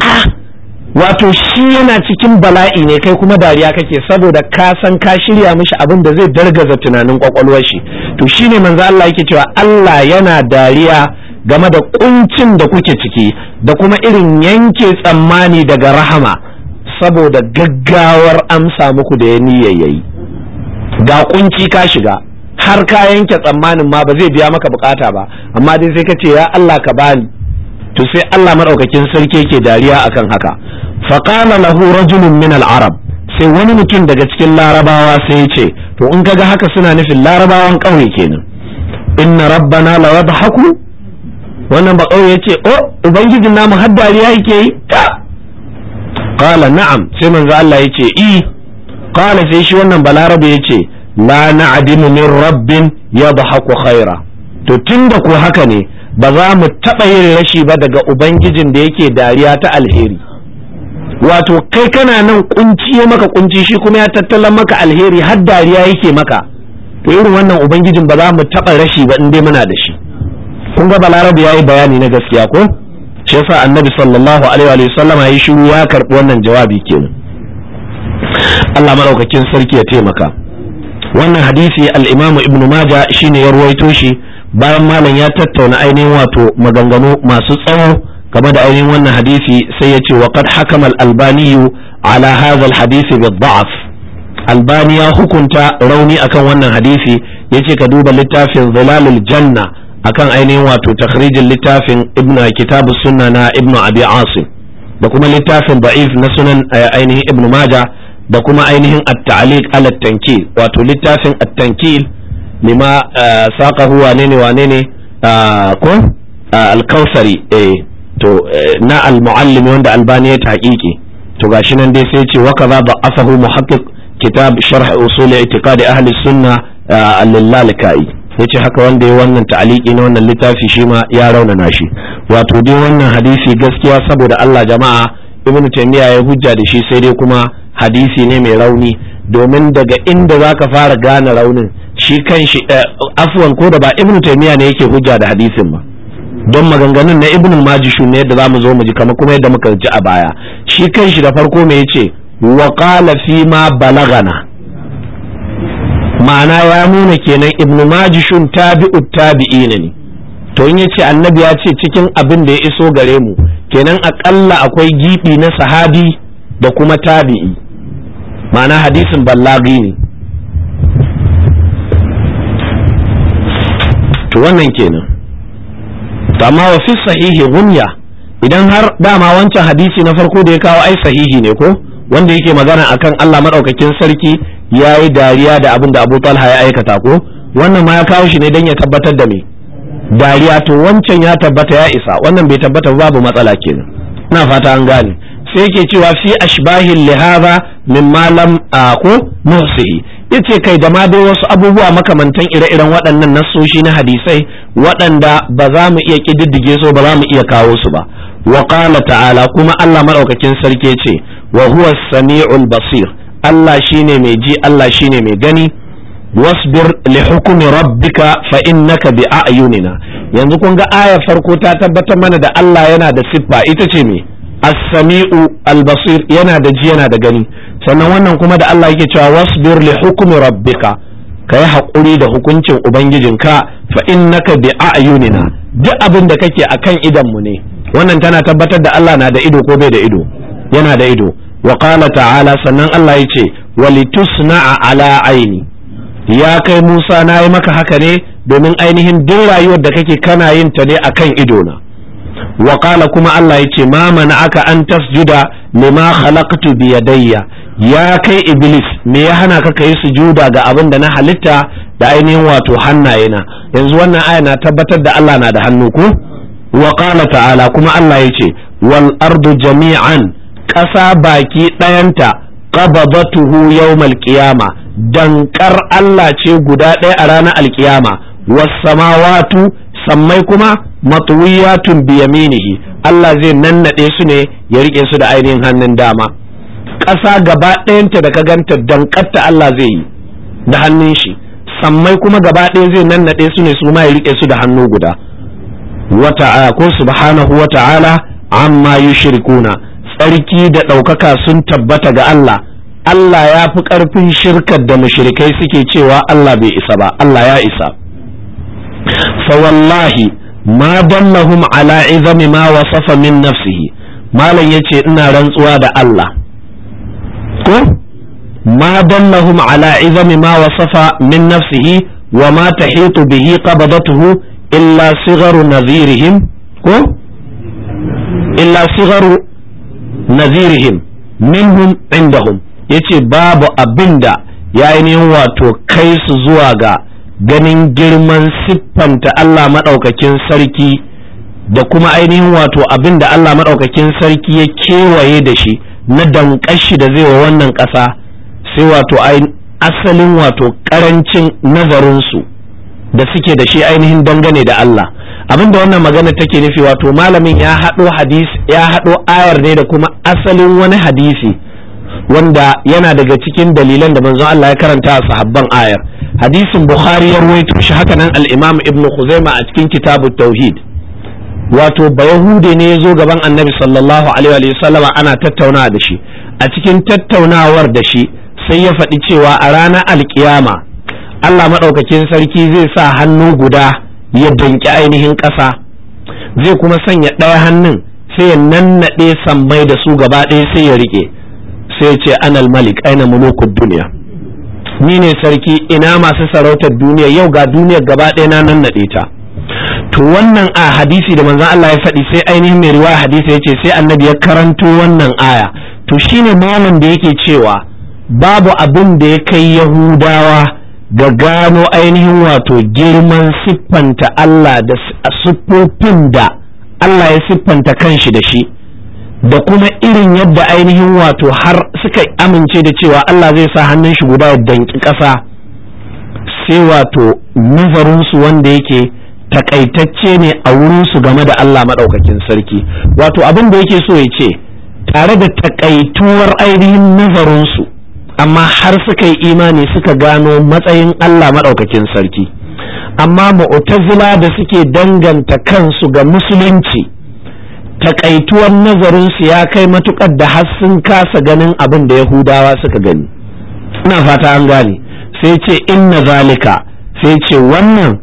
Speaker 1: ah wato shi yana cikin bala'i ne kai kuma dariya kake saboda ka san ka shirya mishi abin da zai dargaza tunanin kwakwalwar shi to shine manzo Allah yake cewa Allah yana dariya game da kuncin da kuke ciki da kuma irin yanke tsammani daga rahama saboda gaggawar amsa muku da ya ga kunci ka shiga har ka yanke tsammanin ma ba zai biya maka bukata ba amma dai sai ka ce ya Allah ka bani to sai Allah madaukakin sarki yake dariya akan haka qala lahu rajulun min al-arab sai wani mutum daga cikin larabawa sai ya ce to in kaga haka suna nufin larabawan kauye kenan inna rabbana la yadhaku wannan ba kauye yace oh ubangijin namu har dariya yake yi qala na'am sai manzo Allah yace i qala sai shi wannan balarabe yace la na'dimu min rabbin haku khaira to tunda ku haka ne ba za mu taɓa yin rashi ba daga ubangijin da yake dariya ta alheri wato kai kana nan kunci ya maka kunci shi kuma ya tattalan maka alheri har dariya yake maka to irin wannan ubangijin ba za mu taɓa rashi ba in dai muna da shi kun ga balarabu ya yi bayani na gaskiya ko shi yasa annabi sallallahu alaihi wa sallam ya shiru ya karɓi wannan jawabi kenan Allah madaukakin sarki ya taimaka wannan hadisi al-imamu ibnu maja shine ya ruwaito shi bayan malam ya tattauna ainihin wato maganganu masu tsawo game da ainihin wannan hadisi sai ya ce wa qad hakama al ala hadha al-hadisi bid-da'f albani ya hukunta rauni akan wannan hadisi yace ka duba littafin zilalul janna akan ainihin wato takhrijin littafin ibnu kitab sunna na ibnu abi asim da kuma littafin da'if na sunan eh, ainihin ibnu maja da kuma ainihin at-ta'liq ala tankil wato littafin at-tankil lima eh, saqa huwa nene wane ne eh, ko eh, al-kausari eh to na al-muallim wanda albani ya taqiqi to gashi nan dai sai ce wa kaza ba asahu muhaqqiq kitab sharh usul i'tiqad ahli sunna al-lalkai yace haka wanda ya wannan ta'aliki na wannan littafi shi ma ya raunana shi wato dai wannan hadisi gaskiya saboda Allah jama'a ibnu taymiya ya hujja da shi sai dai kuma hadisi ne mai rauni domin daga inda za ka fara gane raunin shi kan shi eh, afuwan ko da ba ibnu taymiya ne yake hujja da hadisin ba don maganganun na ibnu majishu ne yadda mu zo mu ji kama kuma yadda muka ji a baya shi kan shi da farko mai ce wa qala fi ma balagana ma'ana ya nuna kenan ibnu majishun tabi'u tabi'i ne to in yace annabi ya ce cikin abin da ya iso gare mu kenan akalla akwai gibi na sahabi da kuma tabi'i ma'ana hadisin ballaghi ne to wannan kenan amma wa fi sahihi gunya idan har dama wancan hadisi na farko da ya kawo ai sahihi ne ko wanda yake magana akan Allah madaukakin sarki ya yi dariya da abinda da Abu Talha ya aikata ko wannan ma ya kawo shi ne dan ya tabbatar da me dariya to wancan ya tabbata ya isa wannan bai tabbata babu matsala kenan ina fata an gane sai yake cewa fi ashbahin lihaba min malam ko muhsihi yace kai da ma dai wasu abubuwa makamantan ire-iren waɗannan nassoshi na hadisai waɗanda ba za mu iya kididdige su ba za mu iya kawo su ba wa qala ta'ala kuma Allah madaukakin sarki ce wa huwa samiul basir Allah shine mai ji Allah shine mai gani wasbir li hukmi rabbika fa innaka bi a'yunina yanzu kun ga aya farko ta tabbatar mana da Allah yana da siffa ita ce me as-sami'u al-basir yana da ji yana da gani sannan wannan kuma da Allah yake cewa wasbir li hukmi rabbika kai hakuri da hukuncin ubangijinka fa innaka bi a'yunina duk abin da kake akan idan mu ne wannan tana tabbatar da Allah na da ido ko bai da ido yana da ido wa qala ta'ala sannan Allah yace walitusna'a ala aini ya kai Musa na yi maka haka ne domin ainihin duk rayuwar da kake kana yin ta ne akan idona wa kuma Allah yace ma mana aka an tasjuda lima khalaqtu bi yadayya ya kai iblis me ya hana ka kai sujuda ga abin da na halitta da ainihin wato hannayena yanzu wannan aya na tabbatar da Allah na da hannu ku. wa ta'ala kuma Allah yace wal ardu jami'an ƙasa baki ɗayanta qabadatuhu yawmal qiyama dankar Allah ce guda ɗaya a ranar alkiyama was samawatu sammai kuma matuwiyatun biyaminihi Allah zai nannade su ne ya rike su da ainihin hannun dama ƙasa gaba ɗayanta da ka ganta dankatta Allah zai yi da hannun shi sammai kuma gaba ɗaya zai nannade su ne su ma ya rike su da hannu guda wata ko subhanahu wa ta'ala amma yushrikuna tsarki da ɗaukaka sun tabbata ga Allah Allah ya fi ƙarfin shirkar da mushrikai suke cewa Allah bai isa ba Allah ya isa fa wallahi ma dallahum ala izami ma wasafa min nafsihi malam yace ina rantsuwa da Allah ko ma dallahum ala izami ma wasafa min nafsihi wa ma tahitu bihi qabadatuhu illa sigaru nadhirihim ko illa sigaru nadhirihim minhum indahum babu abinda ya ainihin wato kai su zuwa ga ganin girman siffanta Allah maɗaukakin sarki da kuma ainihin wato abin da Allah maɗaukakin sarki ya kewaye da shi na danƙashi da zai wa wannan ƙasa sai wato asalin wato ƙarancin nazarinsu da suke da shi ainihin dangane da Allah abin da wannan magana take nufi wato malamin ya haɗo hadisi ya haɗo ayar ne da kuma asalin wani hadisi wanda yana daga cikin dalilan da manzon Allah ya karanta a sahabban ayar hadisin bukhari ya ruwaito shi haka nan al-imam ibnu khuzaima a cikin kitabu tauhid wato bayahude ne ya zo gaban annabi sallallahu alaihi wa sallama ana tattaunawa da shi a cikin tattaunawar da shi sai ya faɗi cewa a ranar alkiyama Allah maɗaukakin sarki zai sa hannu guda ya danki ainihin ƙasa zai kuma sanya ɗaya hannun sai ya nannaɗe sammai da su gaba ɗaya sai ya riƙe sai ce anal malik aina mulukud duniya ni ne sarki ina masu sarautar duniya yau ga duniya gaba ɗaya na nan naɗe ta to wannan a hadisi da manzon Allah ya faɗi sai ainihin mai riwaya hadisi ya ce sai annabi ya karanto wannan aya to shine malam da yake cewa babu abin da ya kai yahudawa ga gano ainihin wato girman siffanta Allah da siffofin da Allah ya siffanta kanshi da shi da kuma irin yadda ainihin wato har suka amince da cewa Allah zai sa hannun shi guda da danki ƙasa sai wato nazarinsu wanda yake takaitacce ne a wurinsu game da Allah maɗaukakin sarki wato abin da yake so ya ce tare da takaituwar ainihin nazarinsu amma har suka yi imani suka gano matsayin Allah maɗaukakin sarki amma mu'tazila da suke danganta kansu ga musulunci takaituwar nazarinsu ya kai matukar da har sun kasa ganin abin da yahudawa suka gani ina fata an gane sai ce inna zalika sai ce wannan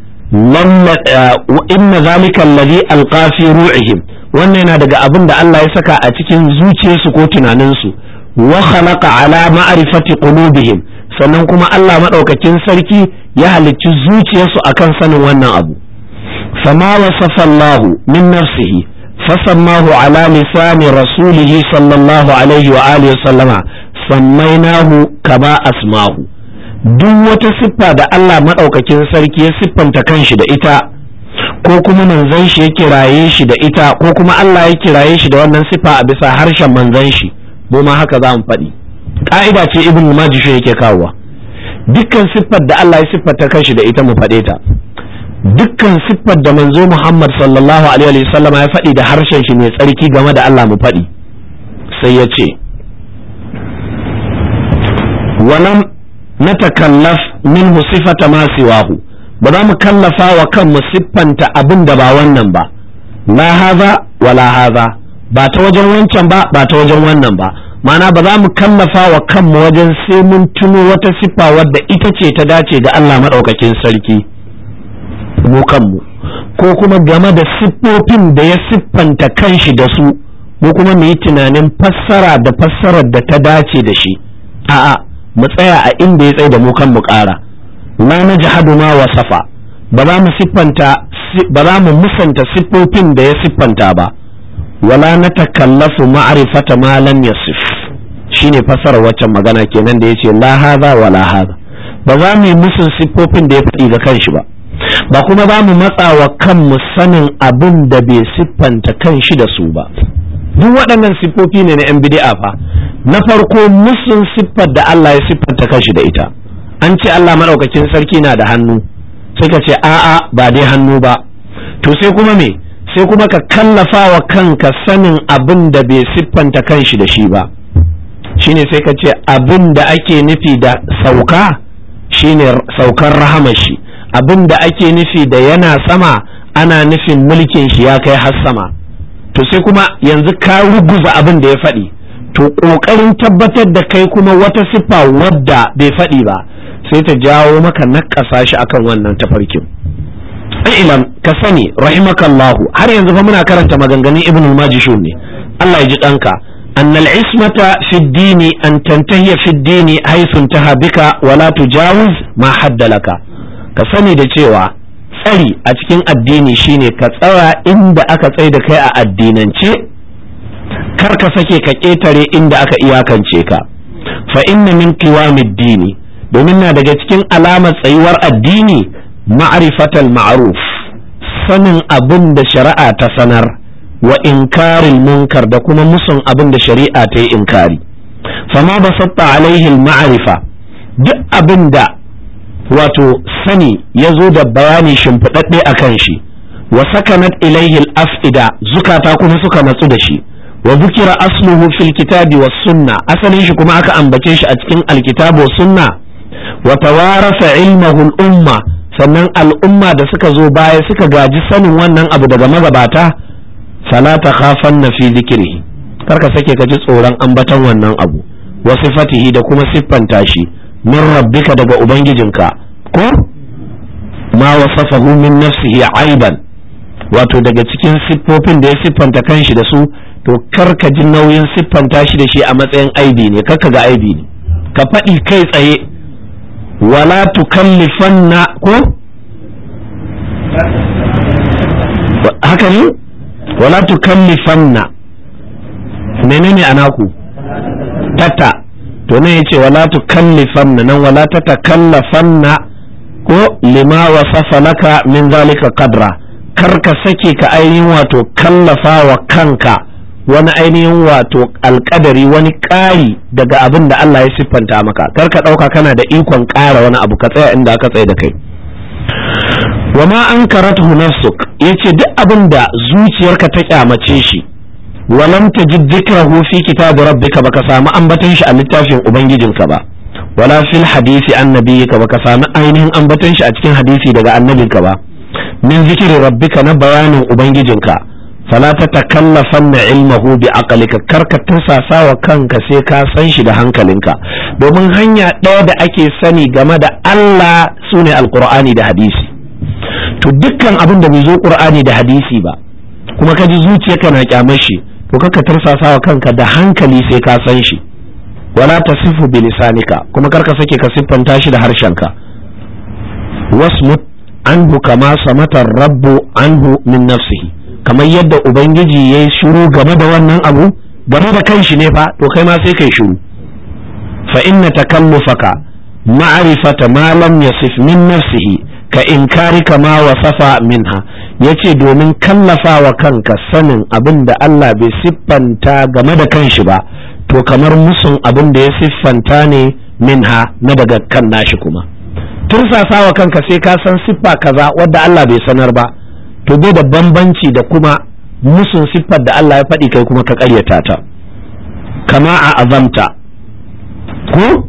Speaker 1: eh, inna zalika allazi alqa ru'ihim wannan yana daga abin da Allah ya saka a cikin zuciyarsu ko tunaninsu wa khalaqa ala ma'rifati qulubihim sannan kuma Allah madaukakin sarki ya halicci zuciyarsu akan sanin wannan abu fama wasafa Allah min nafsihi Masammahu ala lisani rasulihi sallallahu alaihi wa alihi sallama sammainahu kaba asmahu duk wata siffa da Allah maɗaukakin sarki ya siffanta kanshi da ita ko kuma manzon shi ya kiraye shi da ita ko kuma Allah ya kiraye shi da wannan siffa a bisa harshen manzon shi mu ma haka za mu faɗi ka'ida ce ibn majishu yake kawowa dukkan siffar da Allah ya siffanta kanshi da ita mu faɗe ta dukkan siffar da manzo Muhammad sallallahu alaihi sallama ya faɗi da harshen shi mai tsarki game da Allah mu faɗi sai ya ce Wannan na takallaf min sifata ma siwahu ba za mu kallafa wa kanmu siffanta abin da ba wannan ba la haza wala haza ba ta wajen wancan ba ba ta wajen wannan ba mana ba za mu kallafa wa kanmu wajen sai mun tuno wata siffa wadda ita ce ta dace ga Allah maɗaukakin sarki mu kanmu ko kuma game da siffofin da ya siffanta kanshi da su mu kuma mu yi tunanin fassara da fassarar da ta dace da shi a'a mu tsaya a inda ya tsaye da mu kanmu ƙara la najhadu ma safa ba za mu siffanta ba za mu musanta siffofin da ya siffanta ba wala na takallafu ma'rifata ma lam yasif shine fassarar waccan magana kenan da yace la hadha wala hadha ba za mu yi musun siffofin da ya faɗi ga kanshi ba ba kuma za mu matsa wa kanmu sanin abin da bai siffanta kan shi da su ba duk waɗannan siffofi ne na 'yan bidi'a fa na farko musun siffar da Allah ya siffanta kan shi da ita an ce Allah maɗaukacin sarki na da hannu sai ka ce a'a ba dai hannu ba to sai kuma me sai kuma ka kallafa wa kanka sanin abin da bai siffanta kan shi da shi ba shine sai ka ce abin da ake nufi da sauka shine saukar rahama shi abin da ake nufi da yana sama ana nufin mulkin shi ya kai har sama to sai kuma yanzu ka ruguza abin da ya faɗi to ƙoƙarin tabbatar da kai kuma wata siffa wadda bai faɗi ba sai ta jawo maka naƙasa shi akan wannan tafarkin ilam ka sani rahimakallahu har yanzu fa muna karanta maganganun ibn majishun ne Allah ya ji ɗanka أن العصمة في الدين أن تنتهي في الدين حيث انتهى بك ولا تجاوز ما حد ka sani da cewa tsari a cikin addini shine ka tsara inda aka tsai da kai a addinance kar ka sake ka ƙetare inda aka iyakance ka fa inna min qiwamid dini domin na daga cikin alamar tsayuwar addini ma'rifatal ma'ruf sanin abin da shari'a ta sanar wa inkaril munkar da kuma musun abin da shari'a ta yi inkari ma basatta alaihi ma'rifa duk abin da wato sani ya zo da bayani shimfiɗaɗɗe a kan shi wa sakanat ilaihi al-af'ida zukata kuma suka matsu da shi wa bukira asluhu fil kitabi was sunna asalin shi kuma aka ambace shi a cikin alkitabu was sunna wa tawarasa ilmahu al-umma sannan al'umma da suka zo baya suka gaji sanin wannan abu daga magabata salata khafan na fi zikiri karka sake ka ji tsoron ambaton wannan abu wa sifatihi da kuma siffanta shi min rabbika daga ubangijinka ko ma wasafahu min nafsihi aiban wato daga cikin siffofin da ya siffanta kanshi da su to ka ji nauyin siffanta shi da shi a matsayin aibi ne karka ga aibi ne ka faɗi kai tsaye wala tukallifanna ko haka ne wala tukallifanna menene anaku tata to ne yace wala tukallifanna nan wala tatakallafanna ko lima wasafa laka min zalika qadra kar ka sake ka ainihin wato kallafa wa kanka wani ainihin wato alkadari wani ƙari daga abin da Allah ya siffanta maka kar ka ɗauka kana da ikon kara wani abu ka tsaya inda aka tsaye da kai wa ma an karatu nafsuk yace duk abin da zuciyarka ta kyamace shi walam tajid dhikrahu fi kitab rabbika baka samu ambaton shi a littafin ubangijinka ba wala fil hadisi annabiyika baka samu ainihin ambaton shi a cikin hadisi daga annabinka ba min zikiri rabbika na bayanin ubangijinka fala ta takallafanna ilmahu bi aqlika karka tasasa wa kanka sai ka san shi da hankalinka domin hanya ɗaya da ake sani game da Allah sune alqur'ani da hadisi to dukkan abin da bai zo ƙur'ani da hadisi ba kuma ka ji ka na kyamar Ko kaka tursasa wa kanka da hankali sai ka san shi wala tasifu bi lisanika kuma karka sake ka siffanta shi da harshenka wasmut anhu kama samatar rabbu anhu min nafsihi kamar yadda ubangiji yayi shiru game da wannan abu game da kanshi ne fa to kai ma sai kai shiru fa inna takallufaka ma'rifata ma lam yasif min nafsihi ka inkari kama wasafa minha ce domin kallafa wa kanka sanin abin da Allah bai siffanta game da kanshi ba to kamar musun abin da ya siffanta ne minha na daga kan nashi kuma tursasa wa kanka sai ka san siffa kaza wadda Allah bai sanar ba to bai da bambanci da kuma musun siffar da Allah ya faɗi kai kuma ka ƙaryata ta kama a azamta ko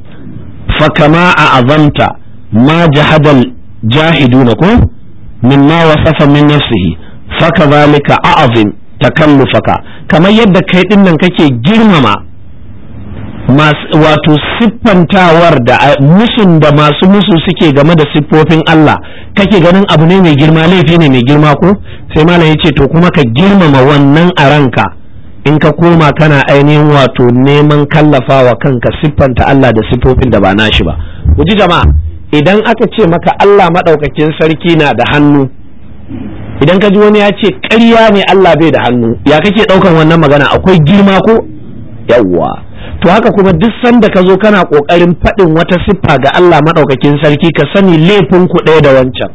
Speaker 1: fa kama a azamta ma jahadal jahiduna ko mimma wasafa min nafsihi faka zalika a'azim takallufaka kamar yadda kai din nan kake girmama wato siffantawar da musun da masu musu suke game da siffofin Allah kake ganin abu ne mai girma laifi ne mai girma ko sai malam ya ce to kuma ka girmama wannan a ranka in ka koma kana ainihin wato neman kallafawa kanka siffanta Allah da siffofin da ba nashi ba ku ji jama'a idan aka ce maka Allah maɗaukakin sarki na da hannu idan ka ji wani ya ce ƙarya ne Allah bai da hannu ya kake ɗaukan wannan magana akwai girma ko yawwa to haka kuma duk sanda ka zo kana ƙoƙarin faɗin wata siffa ga Allah maɗaukakin sarki ka sani laifin ku ɗaya da wancan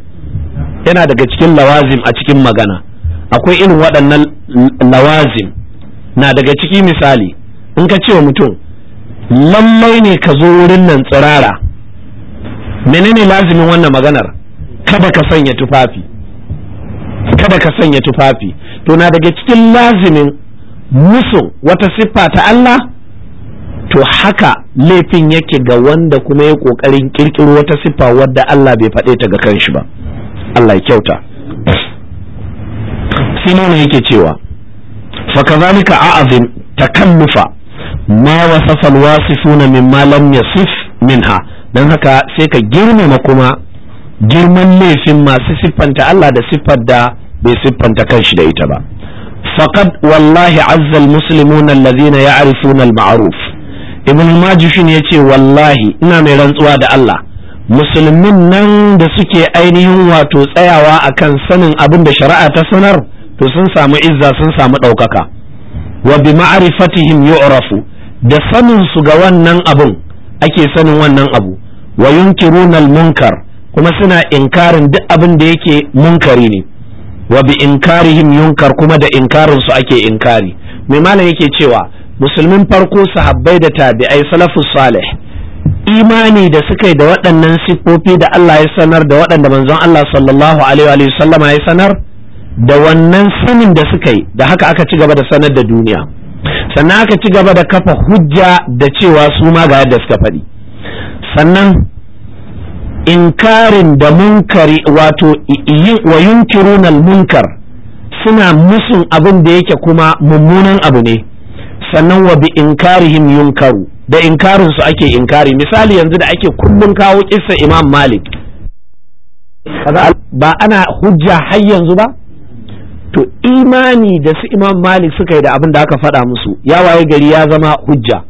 Speaker 1: yana daga cikin lawazim a cikin magana akwai irin waɗannan lawazim na daga ciki misali in ka ce wa mutum lammai ne ka zo wurin nan tsirara menene lazimin wannan maganar kada ka sanya tufafi kada ka sanya tufafi to na daga cikin lazimin musu wata siffa ta Allah to haka laifin yake ga wanda kuma ya kokarin kirkiro wata siffa wadda Allah bai faɗe ta ga kanshi ba Allah ya kyauta ne yake cewa fa kazalika a'azim takallufa ma wasafa alwasifuna mimma lam yasif minha don haka sai ka girmama kuma girman laifin masu siffanta Allah da siffar da bai siffanta kanshi da ita ba faqad wallahi azza almuslimuna alladhina ya'rifuna alma'ruf ibn majushin yace wallahi ina mai rantsuwa da Allah musulmin nan da suke ainihin wato tsayawa akan sanin abin da shari'a ta sanar to sun samu izza sun samu ɗaukaka wa bi ma'rifatihim yu'rafu da sanin su ga wannan abun ake sanin wannan abu wa yunkiruna munkar kuma suna inkarin duk abin da yake munkari ne wa bi inkarihim yunkar kuma da inkarin su ake inkari mai malam yake cewa musulmin farko sahabbai da tabi'ai salafus salih imani da suka yi da waɗannan siffofi da Allah ya sanar da waɗanda manzon Allah sallallahu alaihi wa sallama ya sanar da wannan sanin da suka yi da haka aka ci gaba da sanar da duniya sannan aka ci gaba da kafa hujja da cewa su ma ga yadda suka faɗi sannan inkarin da munkari wato wa yunkirunal munkar suna musun abin da yake kuma mummunan abu ne sannan wa bi inkarihim yunkaru da inkarin su ake inkari misali yanzu da ake kullum kawo kissa imam malik ba ana hujja har yanzu ba to imani da su imam malik suka yi da abin da aka faɗa musu ya waye gari ya zama hujja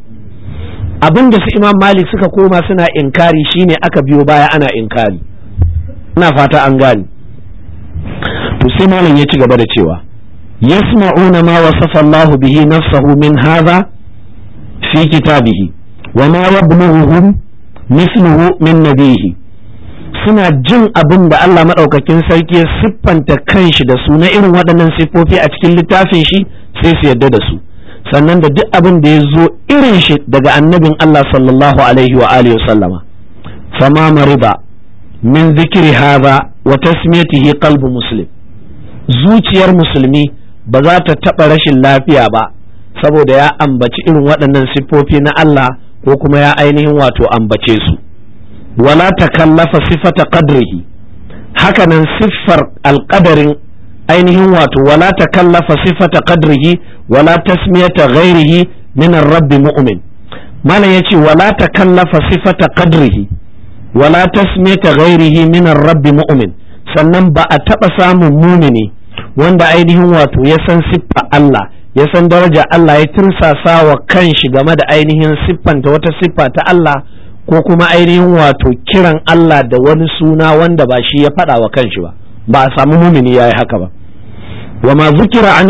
Speaker 1: abin da su imam malik suka koma suna inkari shine aka biyo baya ana inkari ina fata an gani to sai malam ya ci gaba da cewa yasma'una ma wasafa Allahu bihi nafsahu min hadha fi kitabihi wa ma yabluhum mithluhu min nabihi suna jin abin da Allah maɗaukakin sarki ya siffanta kanshi da su na irin waɗannan siffofi a cikin littafin shi sai su yadda da su sannan da duk abin da ya zo irin shi daga annabin Allah sallallahu alaihi wa alihi wa sallama fama mariba min zikiri wa tasmiyatihi qalbu muslim zuciyar musulmi ba za ta taɓa rashin lafiya ba saboda ya ambaci irin waɗannan siffofi na Allah ko kuma ya ainihin wato ambace su wala ta kallafa sifata qadrihi hakanan siffar alƙadarin ainihin wato wala kallafa sifata qadrihi wala tasmiyata ghairihi min ar-rabb mu'min malam yace wala ta kallafa sifata qadrihi wala tasmiyata ghairihi min ar-rabb mu'min sannan ba a taba samun mumini wanda ainihin wato ya san siffa Allah ya san daraja Allah ya tirsasa wa kanshi game da ainihin siffanta wata siffa ta Allah ko kuma ainihin wato kiran Allah da wani suna wanda ba shi ya faɗa wa kanshi ba ba a samu mumini ya yi haka ba wa ma zukira an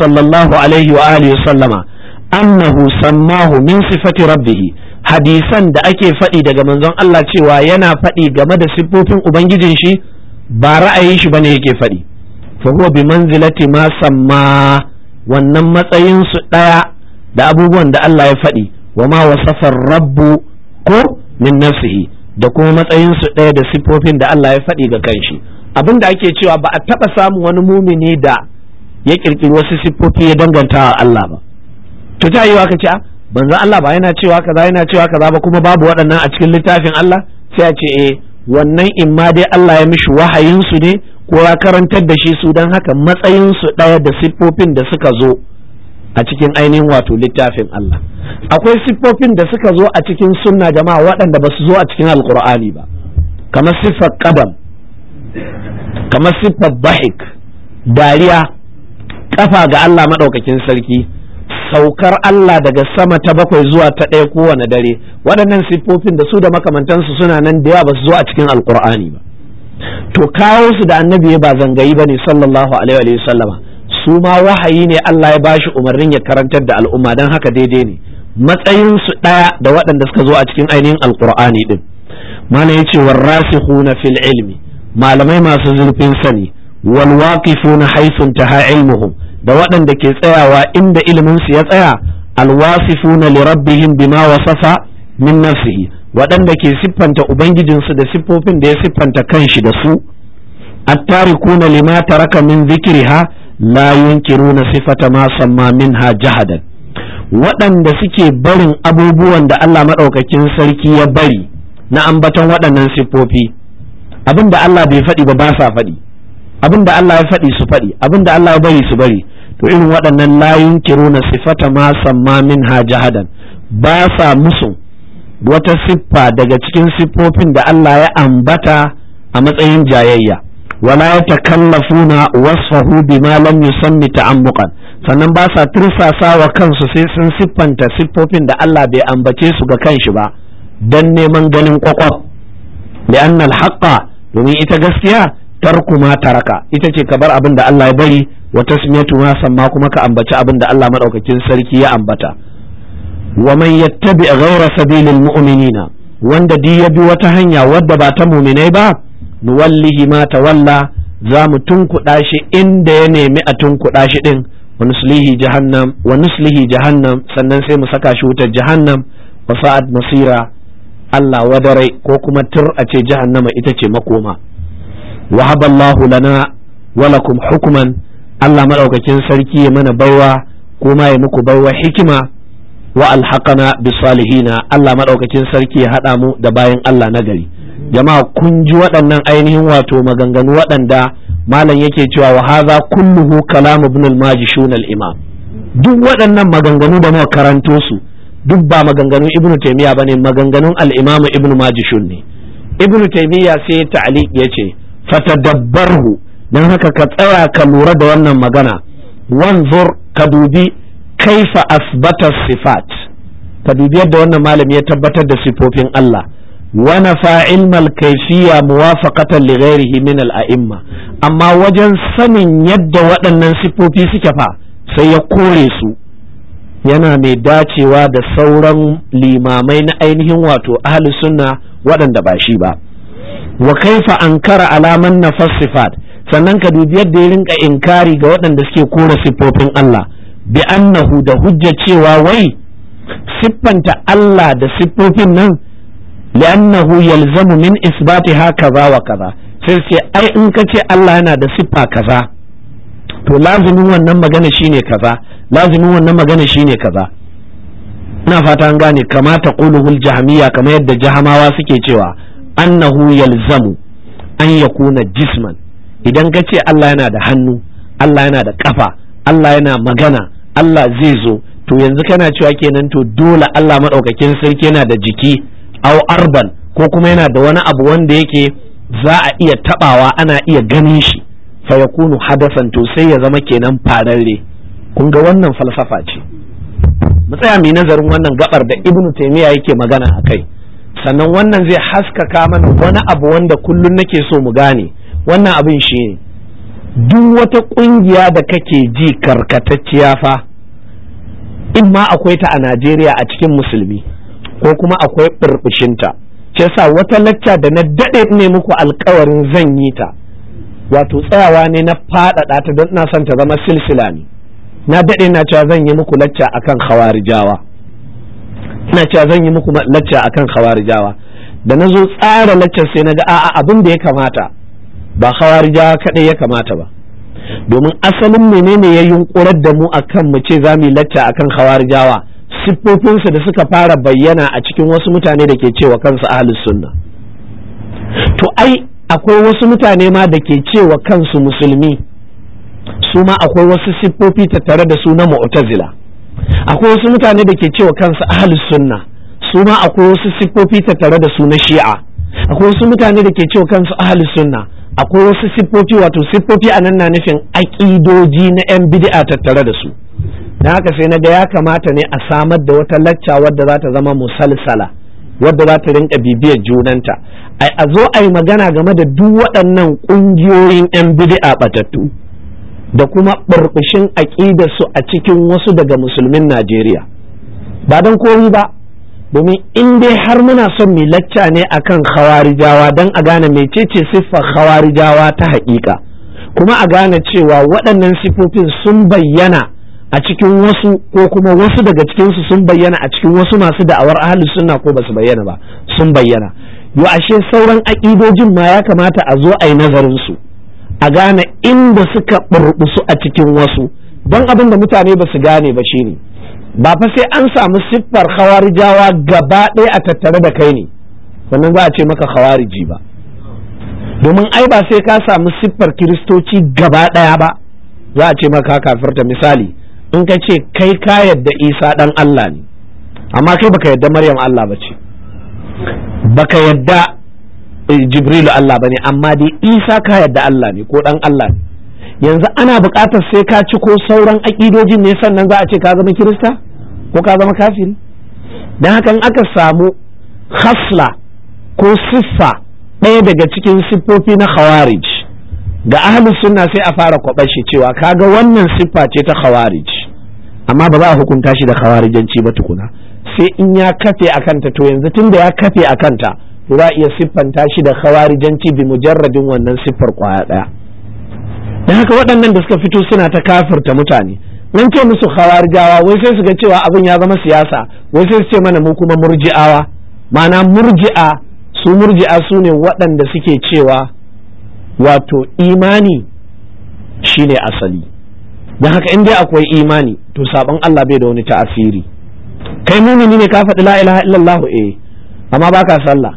Speaker 1: sallallahu alaihi wa sallama annahu sammahu min sifati rabbih hadisan da ake faɗi daga manzon Allah cewa yana faɗi game da siffofin ubangijin shi ba ra'ayi shi bane ke faɗi fa huwa manzilati ma samma wannan matsayin su ɗaya da abubuwan da Allah ya faɗi wa ma wasafar rabbu ko min nafsihi da kuma matsayin su ɗaya da siffofin da Allah ya faɗi ga kanshi abin da ake cewa ba a taɓa samun wani mumini da ya ƙirƙiri wasu siffofi ya danganta wa Allah ba to ta yiwa ka ce banza ah, Allah ba yana cewa kaza yana cewa kaza ba kuma babu waɗannan a cikin littafin Allah sai a ce eh wannan in dai Allah ya mishi wahayin su ne ko ya karantar da shi su don haka matsayin su ɗaya da siffofin da suka zo a cikin ainihin wato littafin Allah akwai siffofin da suka zo a cikin sunna jama'a waɗanda ba su zo a cikin alkur'ani ba kamar siffar qadam kamar siffar bahik dariya kafa ga Allah maɗaukakin sarki saukar Allah daga sama ta bakwai zuwa ta ɗaya kowane dare waɗannan siffofin da su da makamantansu suna nan da yawa ba su zo a cikin alkur'ani ba to kawo su da annabi ba zangayi ba ne sallallahu alaihi wa sallama su ma wahayi ne Allah ya bashi umarnin ya karantar da al'umma don haka daidai ne matsayinsu ɗaya da waɗanda suka zo a cikin ainihin alkur'ani ɗin mana ya ce na fil ilmi malamai masu zurfin sani wal waqifuna haythu taha ilmuhum da waɗanda ke tsayawa inda iliminsu ya tsaya al wasifuna li rabbihim bima wasafa min nafsihi waɗanda ke siffanta ubangijinsu da siffofin da ya siffanta kanshi da su attarikuna lima taraka min zikriha la yunkiruna sifata ma samma minha jahadan waɗanda suke barin abubuwan da Allah maɗaukakin sarki ya bari na ambaton waɗannan siffofi abin da Allah bai faɗi ba ba sa faɗi abin da Allah ya faɗi su faɗi abin da Allah ya bari su bari to irin waɗannan la yunkiruna sifata ma samma minha jahadan ba sa musu wata siffa daga cikin siffofin da Allah ya ambata a matsayin jayayya wala yatakallafuna wasfahu bima lam yusammi ta'ammuqan sannan ba sa tursasa kansu sai sun siffanta siffofin da Allah bai ambace su ga kanshi ba dan neman ganin kwakwaf li'anna al domin ita gaskiya tarku ma taraka ita ce ka bar abin da Allah ya bari wa tasmiyatu ma samma kuma ka ambaci abin da Allah madaukakin sarki ya ambata wa man yattabi ghawra sabilil mu'minina wanda di ya bi wata hanya wadda ba ta mu'minai ba nuwallihi ma tawalla za mu tunkuɗa shi inda ya nemi a tunkuɗa shi din wa nuslihi jahannam wa nuslihi jahannam sannan sai mu saka shi wutar jahannam wa sa'ad masira Allah wadarai ko kuma tur a ce jahannama ita ce makoma wahaballahu lana walakum hukuman Allah maɗaukakin sarki ya mana baiwa kuma ya muku baiwa hikima wa alhaqana bisalihina Allah maɗaukakin sarki ya haɗa mu da bayan Allah na gari jama'a kun ji waɗannan ainihin wato maganganu waɗanda malam yake cewa wa hadha kulluhu kalam ibn al-majishun al-imam duk waɗannan maganganu da muka karanto su duk ba maganganun ibnu taymiya bane maganganun al-imam ibnu majishun ne ibnu taymiya sai ya ta'liq yace fatadabbarhu dan haka ka tsaya ka lura da wannan magana wanzur ka dubi kaifa asbata sifat kadubi dubi yadda wannan malami ya tabbatar da sifofin Allah wa nafa ilmal kaifiya muwafaqatan li ghairihi min al a'imma amma wajen sanin yadda waɗannan sifofi suke fa sai ya kore su yana mai dacewa da sauran limamai na ainihin wato ahli sunna waɗanda ba shi ba wa kaifa ankara alaman na sifat sannan ka dubi yadda ya rinka inkari ga waɗanda suke kora siffofin Allah bi annahu da hujja cewa wai siffanta Allah da siffofin nan li'annahu yalzamu min isbati haka kaza wa kaza sai sai ai in ka ce Allah yana da siffa kaza to lazumin wannan magana shine kaza lazumin wannan magana shine kaza ina fata an gane kamata kuluhul jahmiya kamar yadda jahamawa suke cewa annahu yalzamu an yakuna jisman idan ka ce Allah yana da hannu Allah yana da kafa Allah yana magana Allah zai zo to yanzu kana cewa kenan to dole Allah madaukakin sarki yana da jiki au arban ko kuma yana da wani abu wanda yake za a iya tabawa ana iya ganin shi fa kunu hadasan to sai ya zama kenan fararre kun ga wannan falsafa ce mu tsaya nazarin wannan gabar da Ibn taymiya yake magana akai sannan wannan zai haskaka mana wani abu wanda kullun nake so mu gane wannan abin shi ne duk wata kungiya da kake ji karkatacciya fa in ma akwai ta a Najeriya a cikin musulmi ko kuma akwai burbushinta shi sa wata lacca da na dade ne muku alkawarin zan yi ta wato tsayawa ne na faɗaɗa ta don ina son ta zama silsila ne na daɗe na cewa zan yi muku lacca akan khawarijawa ina cewa zan yi muku lacca akan khawarijawa da na zo tsara lacca sai na ga a'a abin da ya kamata ba khawarijawa kaɗai ya kamata ba domin asalin menene ya yunkurar da mu akan mu ce za mu yi lacca akan khawarijawa siffofinsu da suka fara bayyana a cikin wasu mutane da ke cewa kansu ahlus sunna to ai akwai wasu mutane ma da ke cewa kansu musulmi su ma akwai wasu siffofi tattare da su na mu'tazila akwai wasu mutane da ke cewa kansu ahlus sunna su ma akwai wasu siffofi tattare da su na shi'a akwai wasu mutane da ke cewa kansu ahlus sunna akwai wasu siffofi wato siffofi a nan na nufin aƙidoji na 'yan bid'a tattare da su Na haka sai na ga ya kamata ne a samar da wata lacca wadda za ta zama musalsala wadda za ta rinka bibiyar junanta ai a zo a yi magana game da duk waɗannan ƙungiyoyin 'yan bid'a batattu da kuma ɓarɓashin su a cikin wasu daga musulmin najeriya ba don komi ba domin in dai har muna son mi lacca ne akan khawarijawa don a gane mecece siffar khawarijawa ta haƙiƙa kuma a gane cewa waɗannan sifofin sun bayyana a cikin wasu ko kuma wasu daga cikinsu sun bayyana a cikin wasu masu da'awar ahli sunna ko basu bayyana ba sun bayyana yo ashe sauran aƙidojin ma ya kamata a zo a yi nazarin su a gane inda suka burbusu a cikin wasu don abin da mutane ba su gane ba shine ba fa sai an samu siffar khawarijawa gaba ɗaya a tattare da kai ne sannan za a ce maka khawariji ba domin ai ba sai ka samu siffar kiristoci gaba ɗaya ba za a ce maka kafirta misali in ka ce kai ka yadda isa dan Allah ne amma kai baka yadda maryam Allah ba ce baka yadda eh, jibrilu Allah ba ne amma dai isa ka yadda Allah ne ko dan Allah ne yanzu ana buƙatar sai ka ci ko sauran aƙidojin ne sannan za a ce ka zama kirista ko ka zama kafiri don haka aka samu hasla ko siffa ɗaya daga cikin siffofi na khawarij ga ahlus sunna sai a fara kwaɓar shi cewa kaga wannan siffa ce ta khawarij amma ba za a hukunta shi da khawarijanci ba tukuna sai in ya kafe a kanta to yanzu tun da ya kafe a kanta to za a iya siffanta shi da khawarijanci bi mujarradin wannan siffar kwaya daya da haka waɗannan da suka fito suna ta kafirta mutane nan ce musu khawarijawa wai sai su ga cewa abin ya zama siyasa wai sai su ce mana mu kuma murji'awa ma'ana murji'a su murji'a su ne waɗanda suke cewa wato imani shine asali don haka in dai akwai imani to sabon Allah bai da wani ta'asiri kai mumini ne ka faɗi la ilaha illallah eh amma baka sallah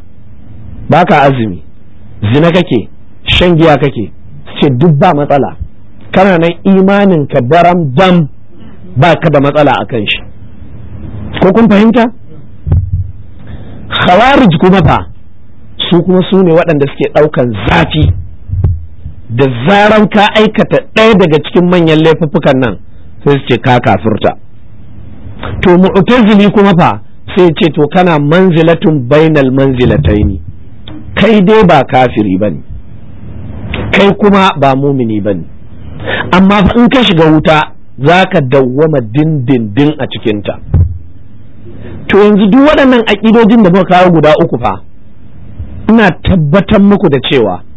Speaker 1: baka azumi zina kake shan giya kake ce duk ba matsala kana nan imanin ka baram dam ba ka da matsala a kan shi ko kun fahimta khawarij kuma fa su kuma su ne waɗanda suke ɗaukan zafi da zaran ka aikata ɗaya daga cikin manyan laifuffukan nan sai su ce ka kafirta to mu'tazili kuma fa sai ce to kana manzilatun bainal manzilatai ne kai dai ba kafiri bane kai kuma ba mumini bane amma fa in ka shiga wuta za ka dawwama dindindin a cikinta to yanzu duk waɗannan aƙidojin da muka kawo guda uku fa ina tabbatar muku da cewa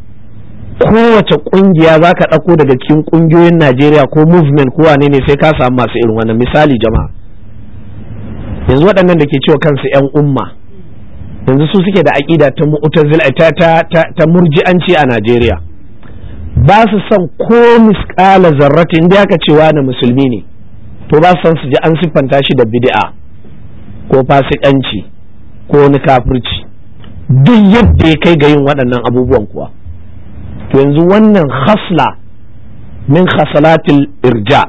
Speaker 1: kowace kungiya za ka ɗauko daga cikin ƙungiyoyin najeriya ko movement ko wane ne sai ka samu masu irin wannan misali jama'a yanzu waɗannan da ke cewa kansu 'yan umma yanzu su suke da aƙida ta eh, ta ta ta, murji'anci a najeriya ba su son ko misƙala zarrati inda aka cewa na musulmi ne to ba su son su ji an siffanta shi da bid'a ko fasikanci ko wani kafirci duk yadda ya kai ga yin waɗannan abubuwan kuwa to yanzu wannan hasla min khasalatil irja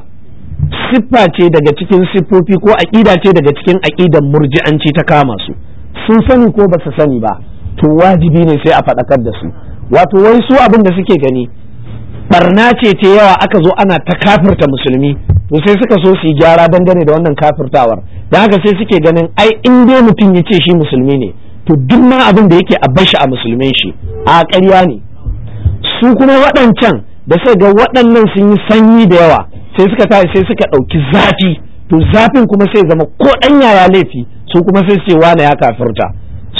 Speaker 1: siffa ce daga cikin siffofi ko aƙida ce daga cikin aƙidan murji'anci ta kama su sun sani ko ba su sani ba to wajibi ne sai a faɗakar da su wato wai su abin da suke gani barna ce ce yawa aka zo ana ta kafirta musulmi to sai suka so su yi gyara dangane da wannan kafirtawar dan haka sai suke ganin ai in dai mutum ya ce shi musulmi ne to duk ma abin da yake a bashi a musulmin shi a ƙarya ne su kuma waɗancan da sai ga waɗannan sun yi sanyi da yawa sai suka tashi sai suka ɗauki zafi to zafin kuma sai zama ko ɗan yaya laifi su kuma sai ce wane ya kafirta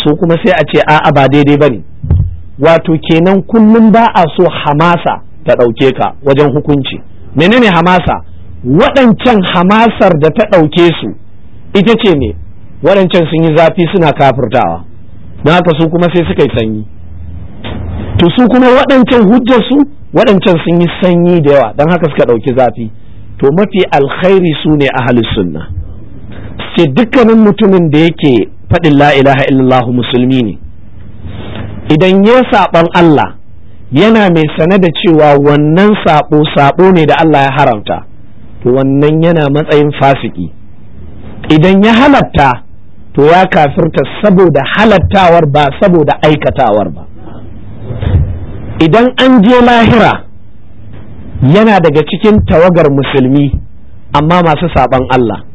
Speaker 1: su kuma sai a ce a'a ba daidai bane wato kenan kullum ba a so hamasa ta ɗauke ka wajen hukunci menene hamasa waɗancan hamasar da ta ɗauke su ita ce ne waɗancan sun yi zafi suna kafirtawa don haka su kuma sai suka yi sanyi to su kuma waɗancan hujjarsu waɗancan sun yi sanyi da yawa don haka suka ɗauki zafi to mafi alkhairi su ne ahalus sunna ce dukkanin mutumin da yake faɗin lailaha ilaha illallah musulmi ne idan ya saɓan Allah yana mai sane da cewa wannan saɓo saɓo ne da Allah ya haramta to wannan yana matsayin fasiki idan ya halatta to ya kafirta saboda halattawar ba saboda aikatawar ba idan an je lahira yana daga cikin tawagar musulmi amma masu saban Allah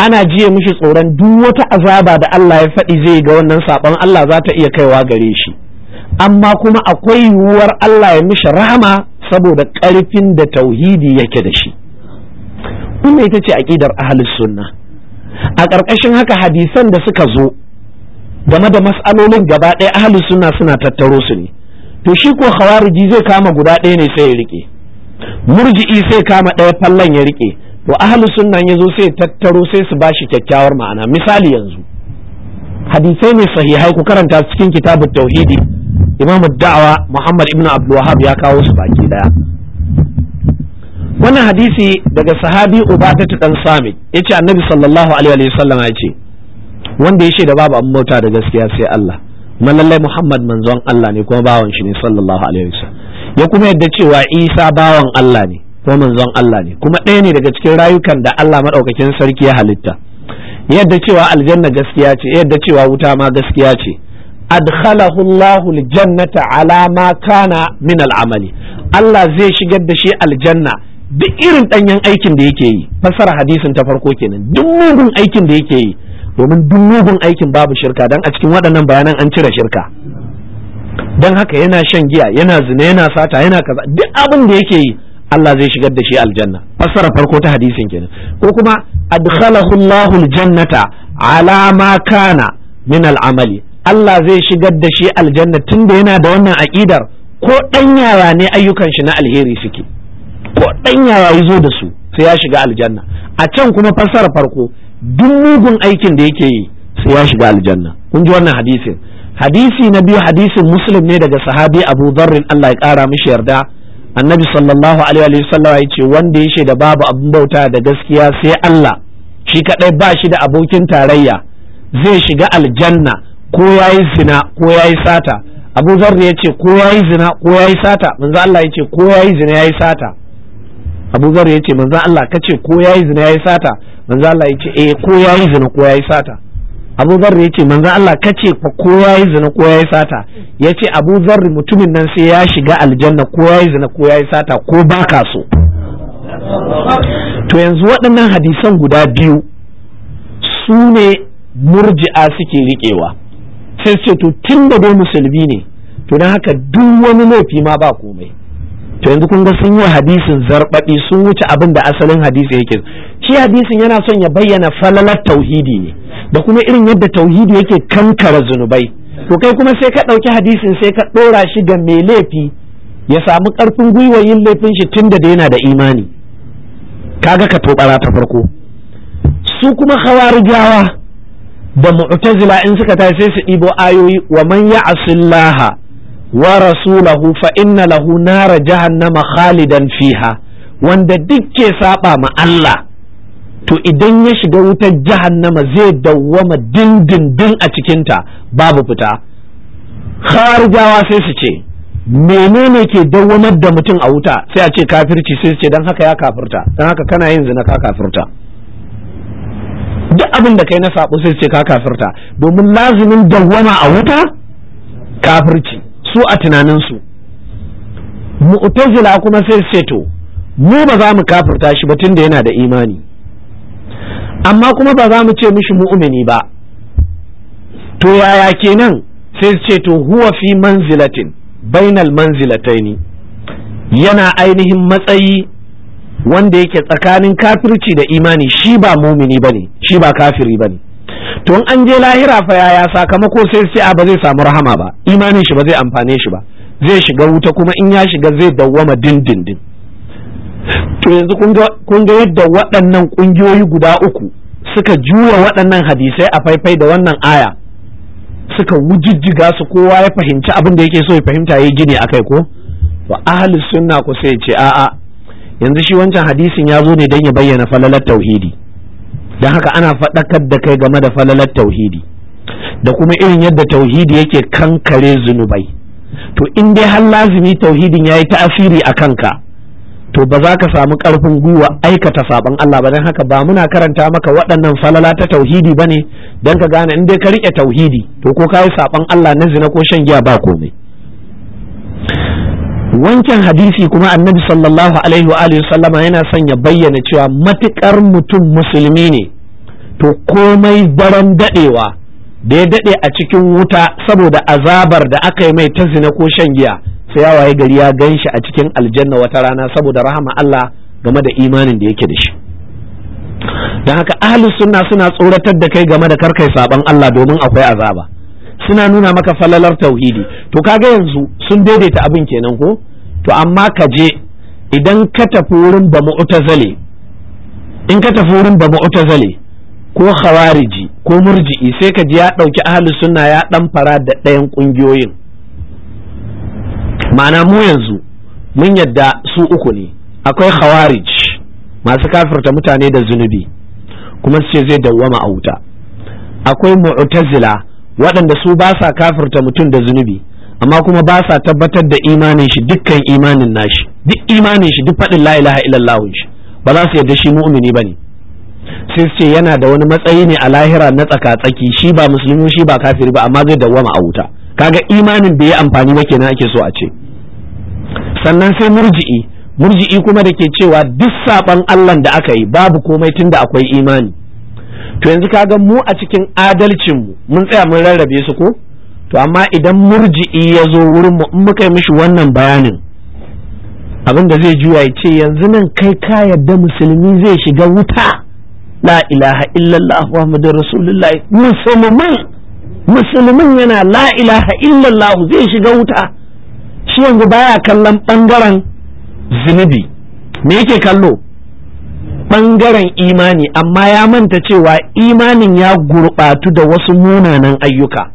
Speaker 1: ana jiye mushi tsoron duk wata azaba da Allah ya faɗi zai ga wannan saban Allah za ta iya kaiwa gare shi amma kuma akwai yiwuwar Allah ya mushi rahama saboda ƙarfin da tauhidi yake da shi wannan ita ce aƙidar ahlus sunna a ƙarƙashin haka hadisan da suka zo game da mas'alolin gaba ɗaya ahlus suna suna tattaro su ne to shi ko khawariji zai kama guda ɗaya ne sai ya rike murji'i sai kama ɗaya fallan ya rike to ahlus suna ya zo sai tattaro sai su bashi kyakkyawar ma'ana misali yanzu hadisai ne sahihai ku karanta cikin kitabut tauhidi imamu da'awa muhammad ibn abdul wahab ya kawo su baki ɗaya. wannan hadisi daga sahabi ubatatu dan samit yace annabi sallallahu alaihi wa sallama yace wanda ya shaida babu mota mota da gaskiya sai Allah man lallai Muhammad manzon Allah ne kuma bawan shi ne sallallahu alaihi wasallam ya kuma yadda cewa Isa bawan Allah ne kuma manzon Allah ne kuma ɗaya ne daga cikin rayukan da Allah madaukakin sarki ya halitta yadda cewa aljanna gaskiya ce yadda cewa wuta ma gaskiya ce adkhalahu Allah aljannata ala ma kana min al'amali Allah zai shigar da shi aljanna duk irin ɗanyen aikin da yake yi fasara hadisin ta farko kenan duk mugun aikin da yake yi domin duk mugun aikin babu shirka dan a cikin waɗannan bayanan an cire shirka dan haka yana shan giya yana zina yana sata yana kaza duk abin da yake yi Allah zai shigar da shi aljanna fassara farko ta hadisin kenan ko kuma adkhalahu Allahu aljannata ala ma kana min al'amali Allah zai shigar da shi aljanna tunda yana da wannan aqidar ko dan yara ne ayyukan shi na alheri suke ko dan yara yazo da su sai ya shiga aljanna a can kuma fassara farko duk mugun aikin da yake yi sai ya shiga aljanna kun ji wannan hadisin hadisi na biyu hadisin muslim ne daga sahabi abu dharrin Allah ya kara mishi yarda annabi sallallahu alaihi wa sallam ya ce wanda ya shaida babu abin bauta da gaskiya sai Allah shi kadai ba shi da abokin tarayya zai shiga aljanna ko yayi zina ko yayi sata abu zarri ya ce ko yayi zina ko yayi sata manzo Allah ya ce ko yayi zina yayi sata Abu zar ya ce manzo Allah ka ce ko yayi zina yayi sata manzo Allah ya ce eh ko yayi zina ko yayi sata Abu zar ya ce manzo Allah ka ce ko yayi zina ko yayi sata ya ce Abu zar mutumin nan sai ya shiga aljanna ko yayi zina ko yayi sata ko ba ka so to yanzu waɗannan hadisan guda biyu su ne murji'a suke riƙewa sai ce to tun da dai musulmi ne to don haka duk wani laifi ma ba komai to yanzu kun ga sun yi hadisin zarbaɗi sun wuce abin da asalin hadisi yake shi hadisin yana son ya bayyana falalar tauhidi ne da kuma irin yadda tauhidi yake kankara zunubai to kai kuma sai ka ɗauki hadisin sai ka ɗora shi ga mai laifi ya samu ƙarfin gwiwa yin laifin shi tun da yana da imani kaga ka tobara ta farko su kuma rigawa da mu'tazila in suka tashi sai su ɗibo ayoyi wa man ya'asillaha wa rasulahu fa inna lahu nara jahannama khalidan fiha wanda duk ke saba ma Allah to idan ya shiga wutar jahannama zai dawwama dindindin a cikinta babu fita kharijawa sai su ce menene ke dawwamar da mutum a wuta sai a ce kafirci sai su ce don haka ya kafirta don haka kana yin zina ka kafirta duk abin da kai na sabo sai su ce ka kafirta domin lazimin dawwama a wuta kafirci su a tunaninsu mu'tazila kuma sai to, mu ba za mu kafirta shi ba tunda yana da imani amma kuma ba za mu ce mishi mu'mini ba to yaya kenan sai ce to huwa fi manzilatin bainal manzilataini yana ainihin matsayi wanda yake tsakanin kafirci da imani shi ba mumini bane shi ba kafiri bane to in an je lahira fa yaya sakamako sai sai a ba zai samu rahama ba imanin shi ba zai amfane shi ba zai shiga wuta kuma in ya shiga zai dawwama dindindin to yanzu kun ga yadda waɗannan ƙungiyoyi guda uku suka juya waɗannan hadisai a faifai da wannan aya suka wujijjiga su kowa ya fahimci abin da yake so ya fahimta ya gini a kai ko to ahli sunna ku sai ce a'a yanzu shi wancan hadisin ya zo ne don ya bayyana falalar tauhidi don haka ana faɗakar da kai game da falalar tauhidi da kuma irin yadda tauhidi yake kankare zunubai to in dai har lazimi tauhidin ya yi ta'asiri a kanka to ba za ka samu ƙarfin gwiwa aikata saɓon Allah ba don haka ba muna karanta maka waɗannan falala ta tauhidi ba ne don ka gane in dai ka riƙe tauhidi to ko ka yi saɓon Allah na zina ko shan giya ba komai wancan hadisi kuma annabi sallallahu alaihi wa sallama yana son ya bayyana cewa matukar mutum musulmi ne to komai baran dadewa da ya dade a cikin wuta saboda azabar da aka yi mai ta zina ko shan giya sai ya waye gari ya ganshi a cikin aljanna wata rana saboda rahama Allah game da imanin da yake da shi dan haka ahlus sunna suna tsoratar da kai game da karkai saban Allah domin akwai azaba suna nuna maka falalar tauhidi to kaga yanzu sun daidaita abin kenan ko to amma ka je idan ka tafi wurin ba mu'tazali in ka tafi wurin ba mu'tazali ko khawariji ko murji'i sai ka ji ya dauki ahlus sunna ya dan fara da ɗayan kungiyoyin ma'ana mu yanzu mun yadda su uku ne akwai khawarij masu kafirta mutane da zunubi kuma su ce zai dawwama a wuta akwai mu'tazila waɗanda su ba sa kafirta mutum da zunubi amma kuma ba sa tabbatar da imanin shi dukkan imanin nashi duk imanin shi duk faɗin la ilaha illallah shi ba za su yarda shi mu'mini bane sai su ce yana da wani matsayi ne a lahira na tsaka-tsaki shi ba musulmi shi ba kafiri ba amma zai dawwama a wuta kaga imanin bai yi amfani ba kenan ake so a ce sannan sai murji'i murji'i kuma da ke cewa duk saban Allah da aka yi babu komai tunda akwai imani to yanzu kaga mu a cikin adalcin mu mun tsaya mun rarrabe su ko to amma idan murji'i ya zo wurin mu in muka yi mishi wannan bayanin abin da zai juya ya ce yanzu nan kai ka yadda musulmi zai shiga wuta la ilaha illallah muhammadur rasulullahi musulmin musulmin yana la ilaha illallah zai shiga wuta shi yanzu baya kallon bangaren zunubi me yake kallo ɓangaren imani amma ya manta cewa imanin ya gurɓatu da wasu munanan ayyuka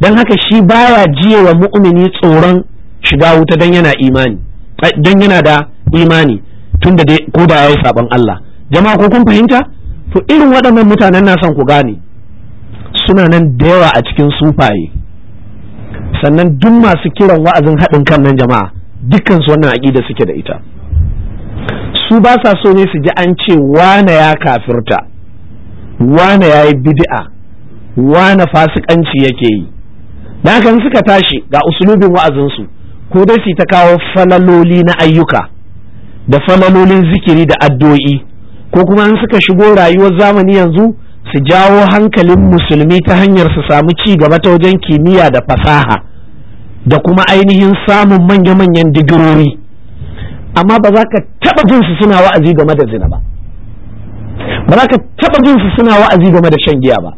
Speaker 1: don haka shi baya wa mu'mini tsoron shiga wuta don yana imani don yana da imani tun da ko da ya yi saɓon Allah jama'a ko kun fahimta to irin waɗannan mutanen na son ku gane suna nan da yawa a cikin sufaye sannan duk masu kiran wa'azin haɗin kan nan jama'a dukkan wannan aƙida suke da ita su ba sa so ne su ji an ce wane ya kafirta wane ya yi bid'a wane fasikanci yake yi Nakan suka tashi ga usulubin wa'azinsu ko dai su ta kawo falaloli na ayyuka da falalolin zikiri da addu'o'i ko kuma in suka shigo rayuwar zamani yanzu su jawo hankalin musulmi ta hanyar su samu ci gaba ta wajen kimiyya da fasaha da kuma ainihin samun manya-manyan digirori amma ba za ka taɓa jin su suna wa'azi game da zina ba ba za ka taɓa jin su suna wa'azi game da shan giya ba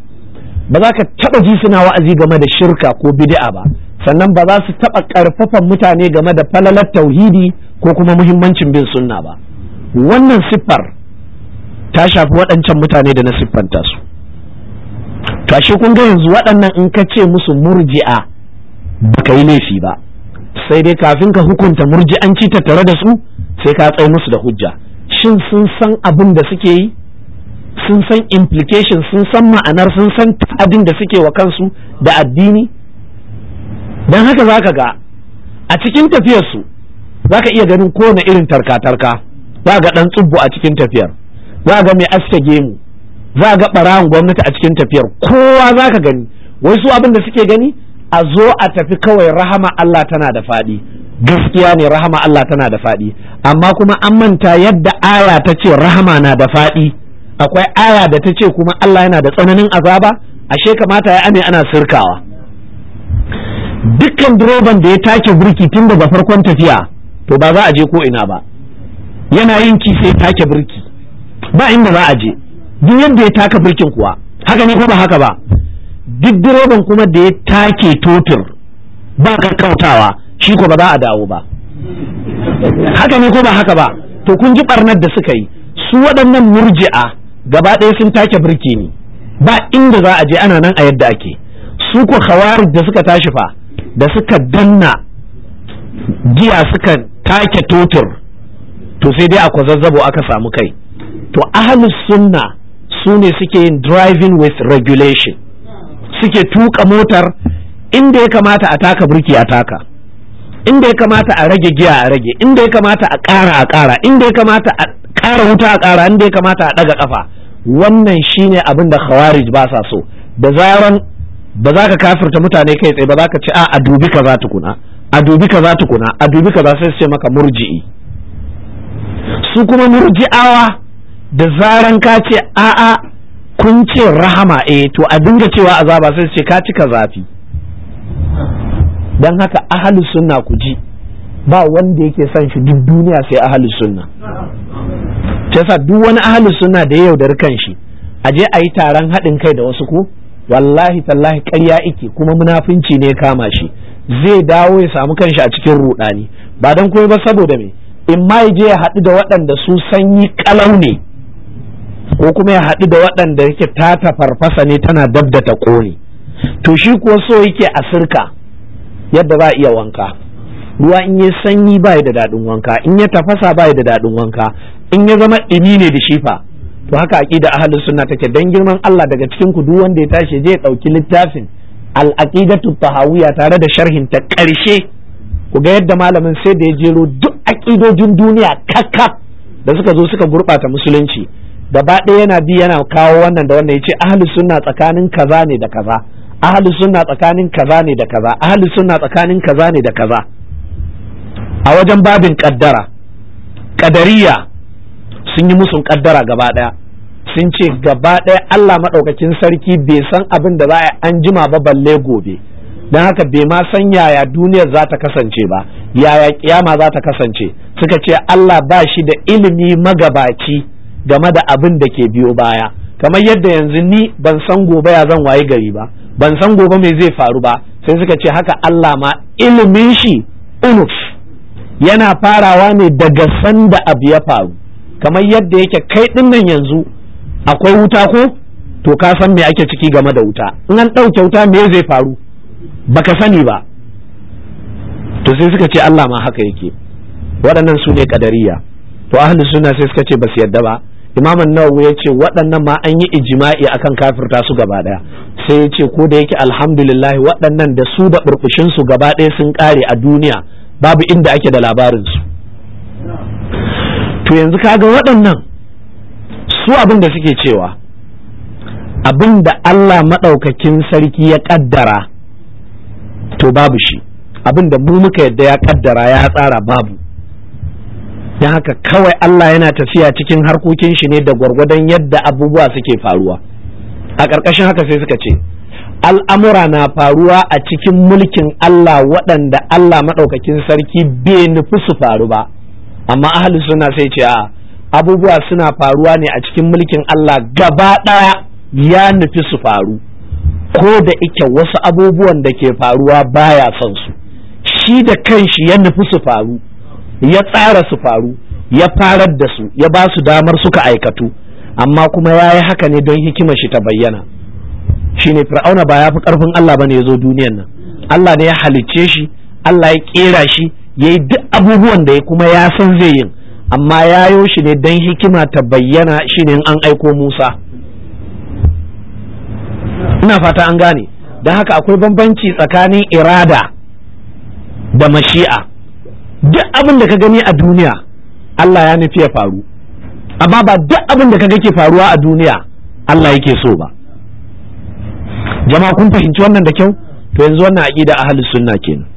Speaker 1: ba za ka taɓa ji suna wa'azi game da shirka ko bid'a ba sannan ba za su taɓa ƙarfafan mutane game da falalar tauhidi ko kuma muhimmancin bin sunna ba wannan siffar ta shafi waɗancan mutane da na siffanta su to ashe kun ga yanzu waɗannan in ka ce musu murji'a ka yi laifi ba sai dai kafin ka hukunta murji'anci tattare da su sai ka tsaye musu da hujja shin sun san abin da suke yi sun san implication sun san ma'anar sun san abin da suke wa kansu da addini don haka za ka ga a cikin tafiyarsu za ka iya ganin kowane irin tarka-tarka za ga ɗan tsubbu a cikin tafiyar za ga mai aske gemu za ga ɓarawan gwamnati a cikin tafiyar kowa za ka gani wai su abin da suke gani a zo a tafi kawai rahama Allah tana da faɗi gaskiya ne rahama Allah tana da faɗi amma kuma an manta yadda aya ta ce rahama na da faɗi akwai aya da ta ce kuma Allah yana da tsananin azaba ashe kamata ya ame ana sirkawa dukkan direban da ya take birki tun daga farkon tafiya to ba za a je ko ina ba yana yin ki sai take birki ba inda za a je duk yadda ya taka birkin kuwa haka ne ko ba haka ba duk direban kuma da ya take totur ba kakkautawa shi ko ba za a dawo ba haka ne ko ba haka ba to kun ji barnar da suka yi su waɗannan murji'a gaba ɗaya sun take birki ne ba inda za a je ana nan a yadda ake su ko khawarij da suka tashi fa da suka danna jiya suka take totur to sai dai a kwazazzabo aka samu kai to ahlus sunna su ne suke yin driving with regulation suke tuka motar inda ya kamata a taka burki a taka inda ya kamata a rage giya a rage inda ya kamata a ƙara a ƙara inda ya kamata a ƙara wuta a ƙara inda ya kamata a ɗaga ƙafa wannan shine abin da khawarij ba sa so da zaran ba za ka kafirta mutane kai tsaye ba za ka ce a a dubi kaza tukuna a dubi kaza tukuna a dubi kaza sai su ce maka murji'i su kuma murji'awa da zaran ka ce a'a kun ce rahama eh to a dinga cewa azaba sai ce ka cika zafi dan haka ahalu sunna ku ji ba wanda yake son shi duk duniya sai ahalu sunna ta duk wani ahalu sunna da ya yaudar kan shi a je a yi taron haɗin kai da wasu ku wallahi tallahi ƙarya ike kuma munafinci ne kama shi zai dawo ya samu kanshi a cikin rudani ba dan komai ba saboda me in ma ya je ya haɗu da waɗanda su sanyi kalau ne ko kuma ya haɗu da waɗanda yake tata farfasa ne tana dab da ta ƙone to shi kuwa so yake a sirka yadda ba iya wanka ruwa in yi sanyi ba da daɗin wanka in ya tafasa ba da daɗin wanka in ya zama ɗumi ne da shifa to haka aƙida ahalin suna take dan girman Allah daga cikin ku duk wanda ya tashi je ya ɗauki littafin al-aqidatu tahawiyya tare da sharhin ta ƙarshe ku ga yadda malamin sai da ya jero duk aƙidojin duniya kakka da suka zo suka gurɓata musulunci gaba ɗaya yana bi yana kawo wannan da wannan yace ahli sunna tsakanin kaza ne da kaza ahli sunna tsakanin kaza ne da kaza ahli sunna tsakanin kaza ne da kaza a wajen babin kaddara kadariya sun yi musun kaddara gaba ɗaya sun ce gaba ɗaya Allah maɗaukakin sarki bai san abin da za a an jima ba balle gobe don haka bai ma san yaya duniyar za ta kasance ba yaya kiyama za ta kasance suka ce Allah ba shi da ilimi magabaci game da abin da ke biyo baya kamar yadda yanzu ni ban san gobe ya zan waye gari ba ban san gobe me zai faru ba sai suka ce haka Allah ma ilimin shi unuf yana farawa ne daga sanda abu ya faru kamar yadda yake kai dinnan yanzu akwai wuta ko to ka san me ake ciki game da wuta in an ɗauke wuta me zai faru baka sani ba to sai suka ce Allah ma haka yake waɗannan su ne kadariya to ahlus sunna sai suka ce ba su yadda ba imam nawawi ya ce waɗannan ma an yi ijima'i akan kafirta su gaba ɗaya sai ya ce ko da yake alhamdulillah waɗannan da su da burbushin su gaba ɗaya sun ƙare a duniya babu inda ake da labarin su to yanzu kaga waɗannan su abin da suke cewa abin da Allah maɗaukakin sarki ya ƙaddara to babu shi abin da mu muka yadda ya ƙaddara ya tsara babu don haka kawai Allah yana tafiya cikin harkokin shi ne da gwargwadon yadda abubuwa suke faruwa a ƙarƙashin haka sai suka ce al'amura na faruwa a cikin mulkin Allah waɗanda Allah maɗaukakin sarki bai nufi su faru ba amma ahli suna sai ce abubuwa suna faruwa ne a cikin mulkin Allah gaba ɗaya ya nufi su faru ko da ike wasu abubuwan da ke faruwa baya son su shi da kanshi ya nufi su faru ya tsara su faru ya farar da su ya ba su damar suka aikatu amma kuma ya yi haka ne don hikima shi ta bayyana shine fir'auna ba ya fi ƙarfin Allah ba ne ya zo duniyan nan Allah ne ya halicce shi Allah ya ƙera shi ya yi duk abubuwan da ya kuma ya san zai yin amma ya yayo shi ne don hikima ta bayyana shi ne an aiko Musa ina fata an gane don haka akwai bambanci tsakanin irada da mashi'a duk abin da ka gani a duniya Allah ya nufi ya faru amma ba duk abin da ka ke faruwa a duniya Allah yake so ba jama'a kun fahimci wannan da kyau to yanzu wannan aqida ahli sunna kenan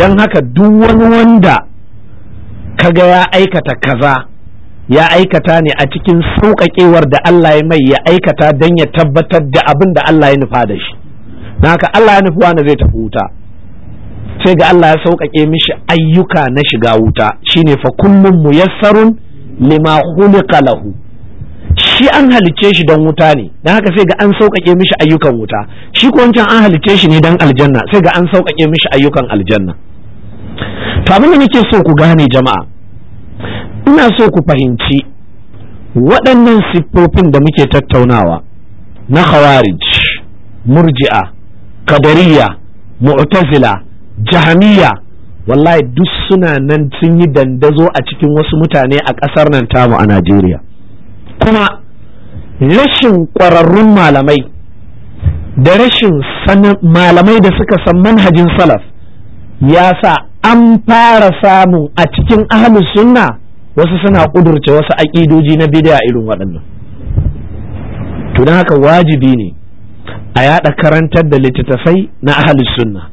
Speaker 1: dan haka duk wani wanda kaga ya aikata kaza ya aikata ne a cikin sauƙaƙewar da Allah ya mai ya aikata don ya tabbatar da abin da Allah ya nufa da shi na haka Allah ya nufi wani zai tafi wuta sai ga Allah ya sauƙaƙe mishi ayyuka na shiga wuta shine fa kullum muyassarun lima khuliqa lahu shi an halicce shi don wuta ne don haka sai ga an sauƙaƙe mishi ayyukan wuta shi ko wancan an halicce shi ne don aljanna sai ga an sauƙaƙe mishi ayyukan aljanna to abin da nake so ku gane jama'a ina so ku fahimci waɗannan siffofin da muke tattaunawa na khawarij murji'a kadariya mu'tazila jahamiya wallahi duk suna nan sun yi dandazo a cikin wasu mutane a ƙasar nan tamu a najeriya kuma rashin ƙwararrun malamai da rashin malamai da suka san manhajin salaf ya sa an fara samun a cikin ahlus sunna wasu suna ƙudurce wasu aƙidoji na bid'a irin waɗannan to haka wajibi ne a yaɗa karantar da littattafai na ahlus sunna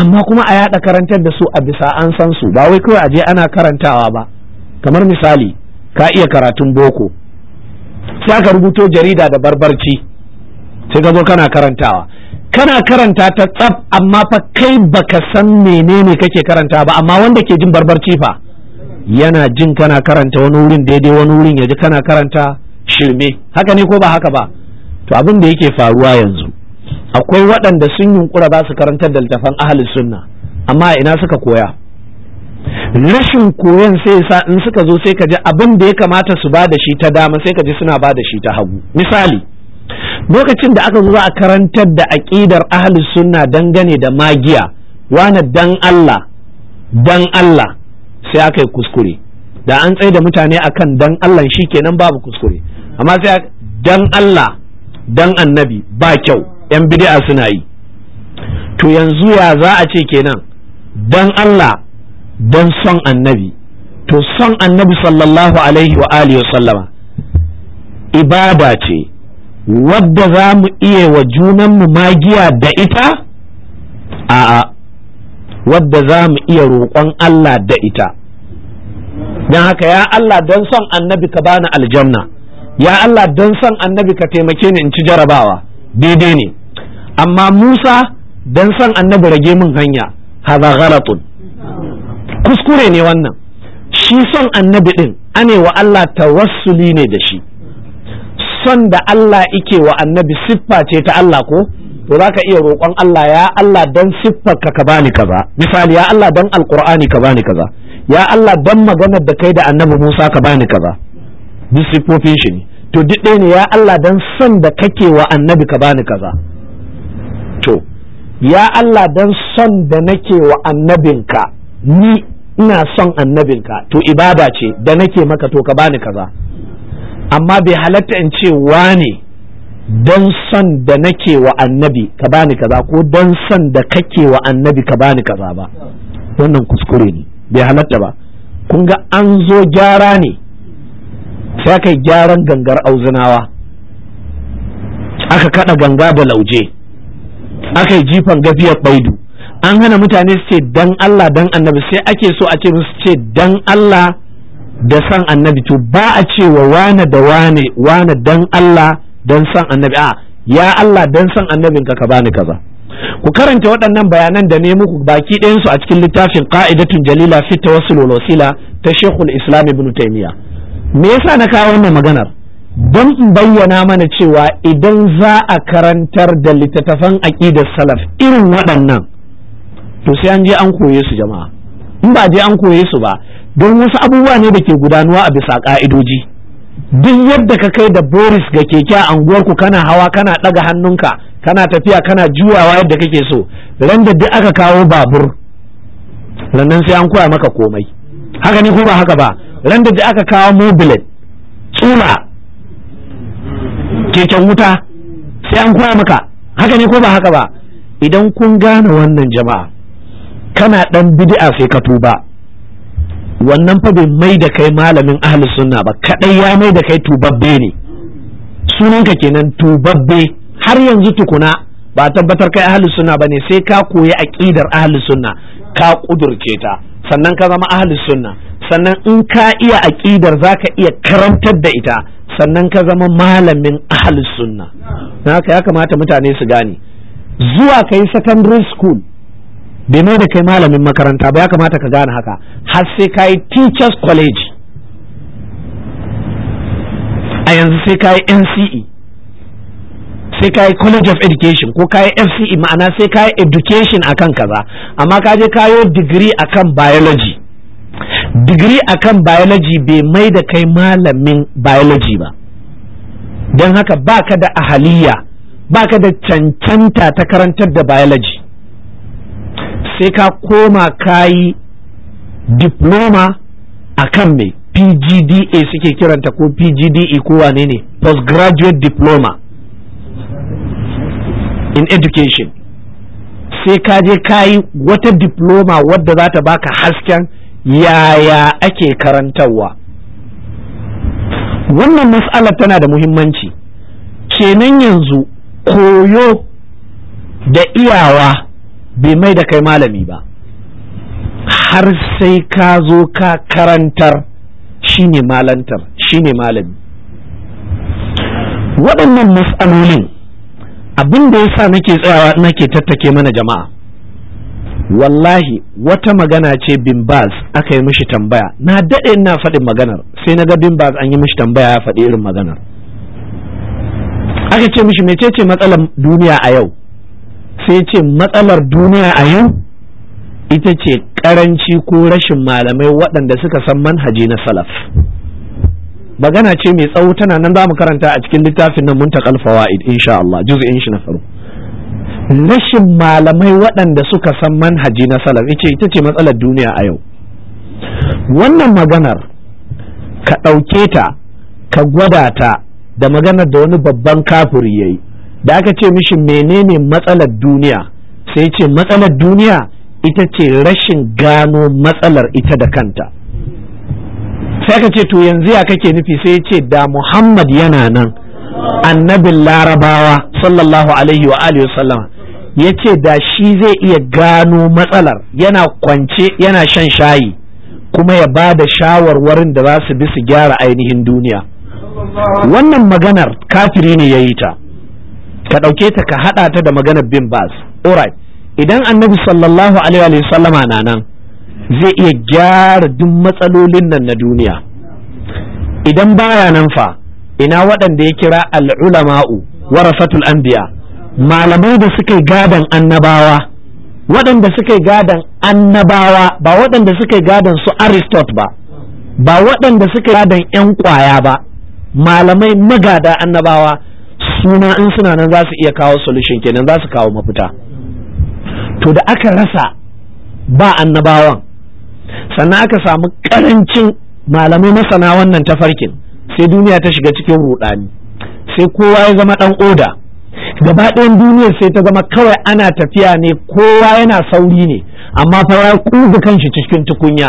Speaker 1: amma kuma a yada karantar da su a bisa an san su ba wai kawai a je ana karantawa ba kamar misali ka iya karatun boko sai ka rubuto jarida da barbarci sai ka zo kana karantawa kana karanta ta tsaf amma fa kai baka san menene kake karanta ba amma wanda ke jin barbarci fa yana jin kana karanta wani wurin daidai wani wurin ya ji kana karanta shirme haka ne ko ba haka ba to abin da yake faruwa yanzu akwai waɗanda sun yunkura za su karantar da littafan ahalin sunna amma ina suka koya rashin koyon sai sa in suka zo sai ka ji abin da ya kamata su ba da shi ta dama sai ka ji suna ba da shi ta hagu misali lokacin da aka zo a karantar da aƙidar ahalin sunna dangane da magiya wane dan Allah dan Allah sai aka yi kuskure da an tsaye da mutane akan dan Allah shi kenan babu kuskure amma sai dan Allah dan annabi ba kyau 'yan bid'a suna yi to yanzu ya za a ce kenan don Allah don son annabi to son annabi sallallahu alaihi wa alihi sallama ibada ce wadda za mu iya wa junanmu magiya da ita a'a wadda za mu iya roƙon Allah da ita don haka ya Allah don son annabi ka bani aljanna ya Allah don son annabi ka taimake ni in ci jarabawa daidai ne amma Musa dan san annabi rage min hanya haza gharatun kuskure ne wannan shi son annabi din ane wa Allah tawassuli ne da shi son da Allah ike wa annabi siffa ce ta Allah ko to za iya roƙon Allah ya Allah dan siffarka ka bani kaza misali ya Allah dan alqur'ani ka bani kaza ya Allah dan maganar da kai da annabi Musa ka bani kaza duk siffofin shi to duk ɗaya ne ya Allah dan son da kake wa annabi ka bani kaza to ya Allah dan son da nake wa annabinka ni ina son annabinka to ibada ce da nake maka to ka bani kaza amma bai halatta in ce wane dan son da nake wa annabi ka bani kaza ko dan son da kake wa annabi ka bani kaza ba wannan kuskure ne bai halatta ba kun ga an zo gyara ne sai kai gyaran gangar auzunawa aka kada ganga da lauje aka yi jifan gafiyar baidu an hana mutane su ce dan Allah dan annabi sai ake so a ce musu ce dan Allah da san annabi to ba a ce wa wane da wane wane dan Allah dan san annabi a ya Allah dan san annabin ka ka bani kaza ku karanta waɗannan bayanan da ne muku baki ɗayan su a cikin littafin qa'idatun jalila fi tawassul wal wasila ta Sheikhul Islam Ibn Taymiyyah me yasa na kawo wannan maganar don in bayyana mana cewa idan za a karantar da littattafan aƙidar salaf irin waɗannan to sai an je an koye su jama'a in ba je an koye su ba don wasu abubuwa ne da ke gudanuwa a bisa ƙa'idoji duk yadda ka kai da boris ga keke a anguwarku kana hawa kana ɗaga hannunka kana tafiya kana juyawa yadda kake so ran da duk aka kawo babur rannan sai an koya maka komai haka ne ko ba haka ba ran da duk aka kawo mobilet tsula keken wuta sai an koya maka haka ne ko ba haka ba idan kun gane wannan jama'a kana dan bid'a sai ka tuba wannan fa bai mai da kai malamin ahli sunna ba kadai ya mai da kai tubabbe ne sunanka kenan tubabbe har yanzu tukuna ba tabbatar kai ahli sunna bane sai ka koyi aqidar ahli sunna ka kudurce ta sannan ka zama ahli sunna sannan in ka iya aqidar zaka iya karantar da ita sannan ka zama malamin ahalus sunna na haka ya kamata mutane su gane zuwa yi secondary school bai mai da kai malamin makaranta ba ya kamata ka gane haka har sai ka yi teachers college a yanzu sai ka yi nce sai ka yi college of education ko ka yi fce ma'ana sai ka yi education akan kaza amma ka je kayo digiri akan biology digiri akan biology bai mai da kai malamin biology ba don haka baka da ahaliya baka da cancanta ta karantar da biology sai ka koma kayi diploma akan mai PGDA e suke kiranta ko pgda e ko wane ne postgraduate diploma in education sai ka je kayi wata diploma wadda za ta baka hasken yaya ake karantarwa wannan matsalar tana da muhimmanci kenan yanzu koyo da iyawa bai mai da kai malami ba har sai ka zo ka karantar shine malantar shine malami waɗannan matsalolin abin da ya sa nake tsayawa nake tattake mana jama'a wallahi wata magana ce Bimbaz aka yi mishi tambaya na daɗe ina faɗin maganar sai na ga bimbaz an yi mishi tambaya ya faɗi irin maganar aka ce mishi mecece matsalar duniya a yau sai ce matsalar duniya a yau ita ce karanci ko rashin malamai waɗanda suka san manhaji na salaf magana ce mai tsawo tana nan za mu karanta a cikin littafin nan muntakal fawaid insha Allah juz'in shi na farko rashin malamai waɗanda suka san manhaji na salaf ice ita ce matsalar duniya a yau wannan maganar ka ɗauke ta ka gwada ta da maganar da wani babban kafiri ya yi da aka ce mishi menene matsalar duniya sai ce matsalar duniya ita ce rashin gano matsalar ita da kanta sai ka ce to yanzu ya kake nufi sai ce da muhammad yana nan annabin larabawa sallallahu alaihi wa alihi ya ce da shi zai iya gano matsalar yana kwance yana shan shayi kuma ya ba da shawarwarin da za su bi su gyara ainihin duniya wannan maganar kafiri ne ya yi ta ka ɗauke ta ka haɗa ta da maganar bin bas alright idan annabi sallallahu alaihi sallama na nan zai iya gyara duk matsalolin nan na duniya idan baya nan fa ina waɗanda ya kira al'ulama'u warasatul anbiya malamai da suka yi gadon annabawa waɗanda suka yi gadon annabawa ba waɗanda suka yi gadon su aristot ba ba waɗanda suka yi gadon 'yan ƙwaya ba malamai magada annabawa suna in suna nan za su iya kawo solution kenan za su kawo mafita to da aka rasa ba annabawan sannan aka samu ƙarancin malamai masana wannan tafarkin sai duniya ta shiga cikin ruɗani sai kowa ya zama ɗan oda gaba ɗayan duniyar sai ta zama kawai ana tafiya ne kowa yana sauri ne amma fa ya kuga kanshi cikin tukunya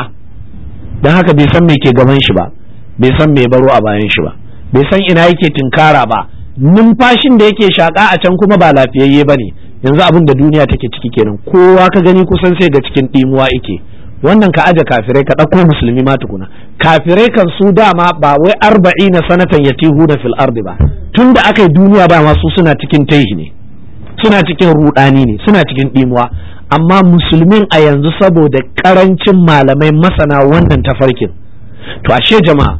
Speaker 1: don haka bai san me ke gaban shi ba bai san me baro a bayan shi ba bai san ina yake tinkara ba numfashin da yake shaka a can kuma ba lafiyayye ba ne yanzu abin da duniya take ciki kenan kowa ka gani kusan sai ga cikin ɗimuwa ike wannan ka aje kafirai ka ɗauko musulmi ma tukuna kafirai kan su dama ba wai arba'i na sanatan ya tihu da fil ardi ba tun da aka yi duniya ba masu suna cikin taihi ne suna cikin rudani ne suna cikin ɗimuwa amma musulmin a yanzu saboda karancin malamai masana wannan tafarkin to ashe jama'a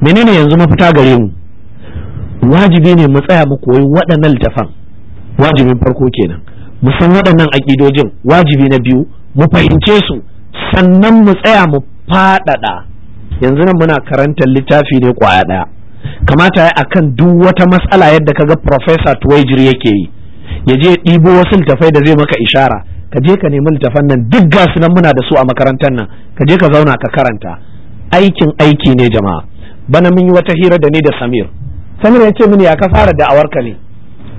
Speaker 1: menene yanzu mafita gare mu wajibi ne mu tsaya mu koyi waɗannan littafan wajibin farko kenan mu san waɗannan aƙidojin wajibi na biyu mu fahimce su sannan mu tsaya mu faɗaɗa yanzu nan muna karantar littafi ne kwaya ɗaya kamata ya akan duk wata matsala yadda ka kaga professor tuwaijir yake yi ya je ɗibo wasu littafai da zai maka ishara ka je ka nemi littafan nan duk gasu nan muna da su a makarantar nan ka je ka zauna ka karanta aikin aiki ne jama'a bana mun yi wata hira da ni da samir samir ya ce mini ya ka fara da'awar ka ne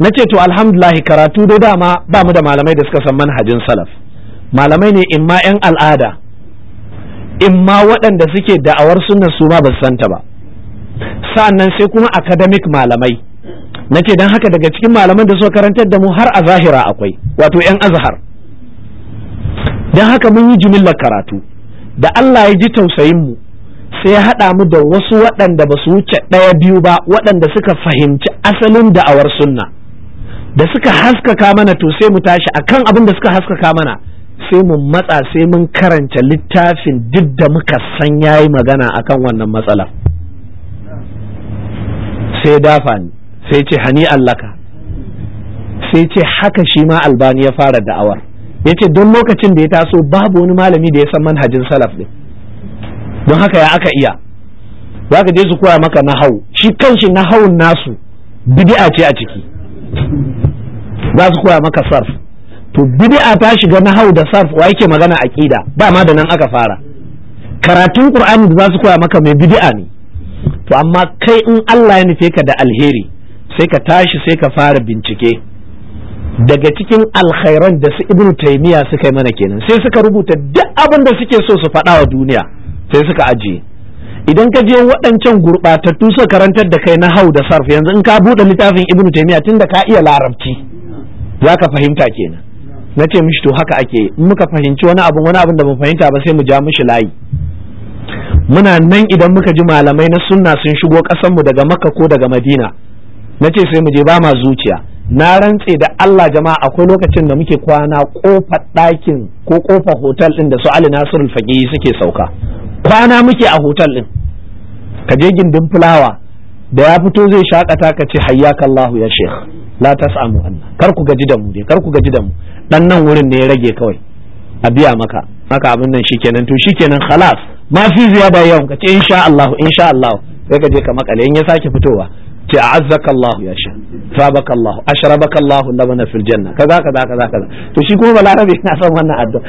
Speaker 1: na ce to alhamdulahi karatu dai dama ba mu da malamai da suka san manhajin salaf malamai ne imma 'yan al'ada imma waɗanda suke da'awar sunan su ma ba su santa ba sa'annan sai kuma academic malamai na ce don haka daga cikin malaman da suka karantar da mu har a zahira akwai wato 'yan azhar don haka mun yi jimillar karatu da Allah ya ji tausayin mu sai ya haɗa mu da wasu waɗanda ba su wuce ɗaya biyu ba waɗanda suka fahimci asalin da'awar sunna da suka haskaka mana to sai mu tashi akan abin da suka haskaka mana sai mun matsa sai mun karanta littafin duk da muka san yayi magana akan wannan matsala sai dafa ni sai ce hani allaka sai ce haka shi ma albani ya fara da'awar ya ce don lokacin da ya taso babu wani malami da ya san manhajin salaf ne don haka ya aka iya za ka je su koya maka nahau shi kanshi nahawun nasu bid'a ce a ciki za su koya maka sarf to bid'a ta shiga na nahau da sarf wa yake magana aqida ba ma da nan aka fara karatun qur'ani da zasu koya maka mai bid'a ne to amma kai in Allah ya nufe ka da alheri sai ka tashi sai ka fara bincike daga cikin alkhairan da su ibnu taymiya suka yi mana kenan sai suka rubuta duk abin da suke so su faɗa wa duniya sai suka ajiye idan ka je waɗancan gurɓatattu suka karantar da kai na hau da sarf yanzu in ka buɗe littafin ibnu taymiya tunda ka iya larabci za ka fahimta kenan na ce mishi to haka ake in muka fahimci wani abin wani abin da ba fahimta ba sai mu ja mishi layi muna nan idan muka ji malamai na sunna sun shigo mu daga makka ko daga madina na ce sai mu je ba ma zuciya na rantse da Allah jama'a akwai lokacin da muke kwana kofar ɗakin ko kofar hotel ɗin da su Ali Nasiru Fagiyi suke sauka kwana muke a hotel ɗin ka je gindin fulawa da ya fito zai shakata ka ce hayyakallahu ya sheikh la tas'amu anna kar ku gaji da mu dai kar ku gaji da mu dan nan wurin ne ya rage kawai a biya maka maka abin nan shikenan to shikenan khalas ma fi ziyada yau ka ce insha Allah insha Allah sai ka je ka makale in ya sake fitowa ce azzaka Allah ya sha sabaka Allah ashrabaka Allah labana fil janna kaza kaza kaza kaza to shi kuma balarabe na san wannan addu'a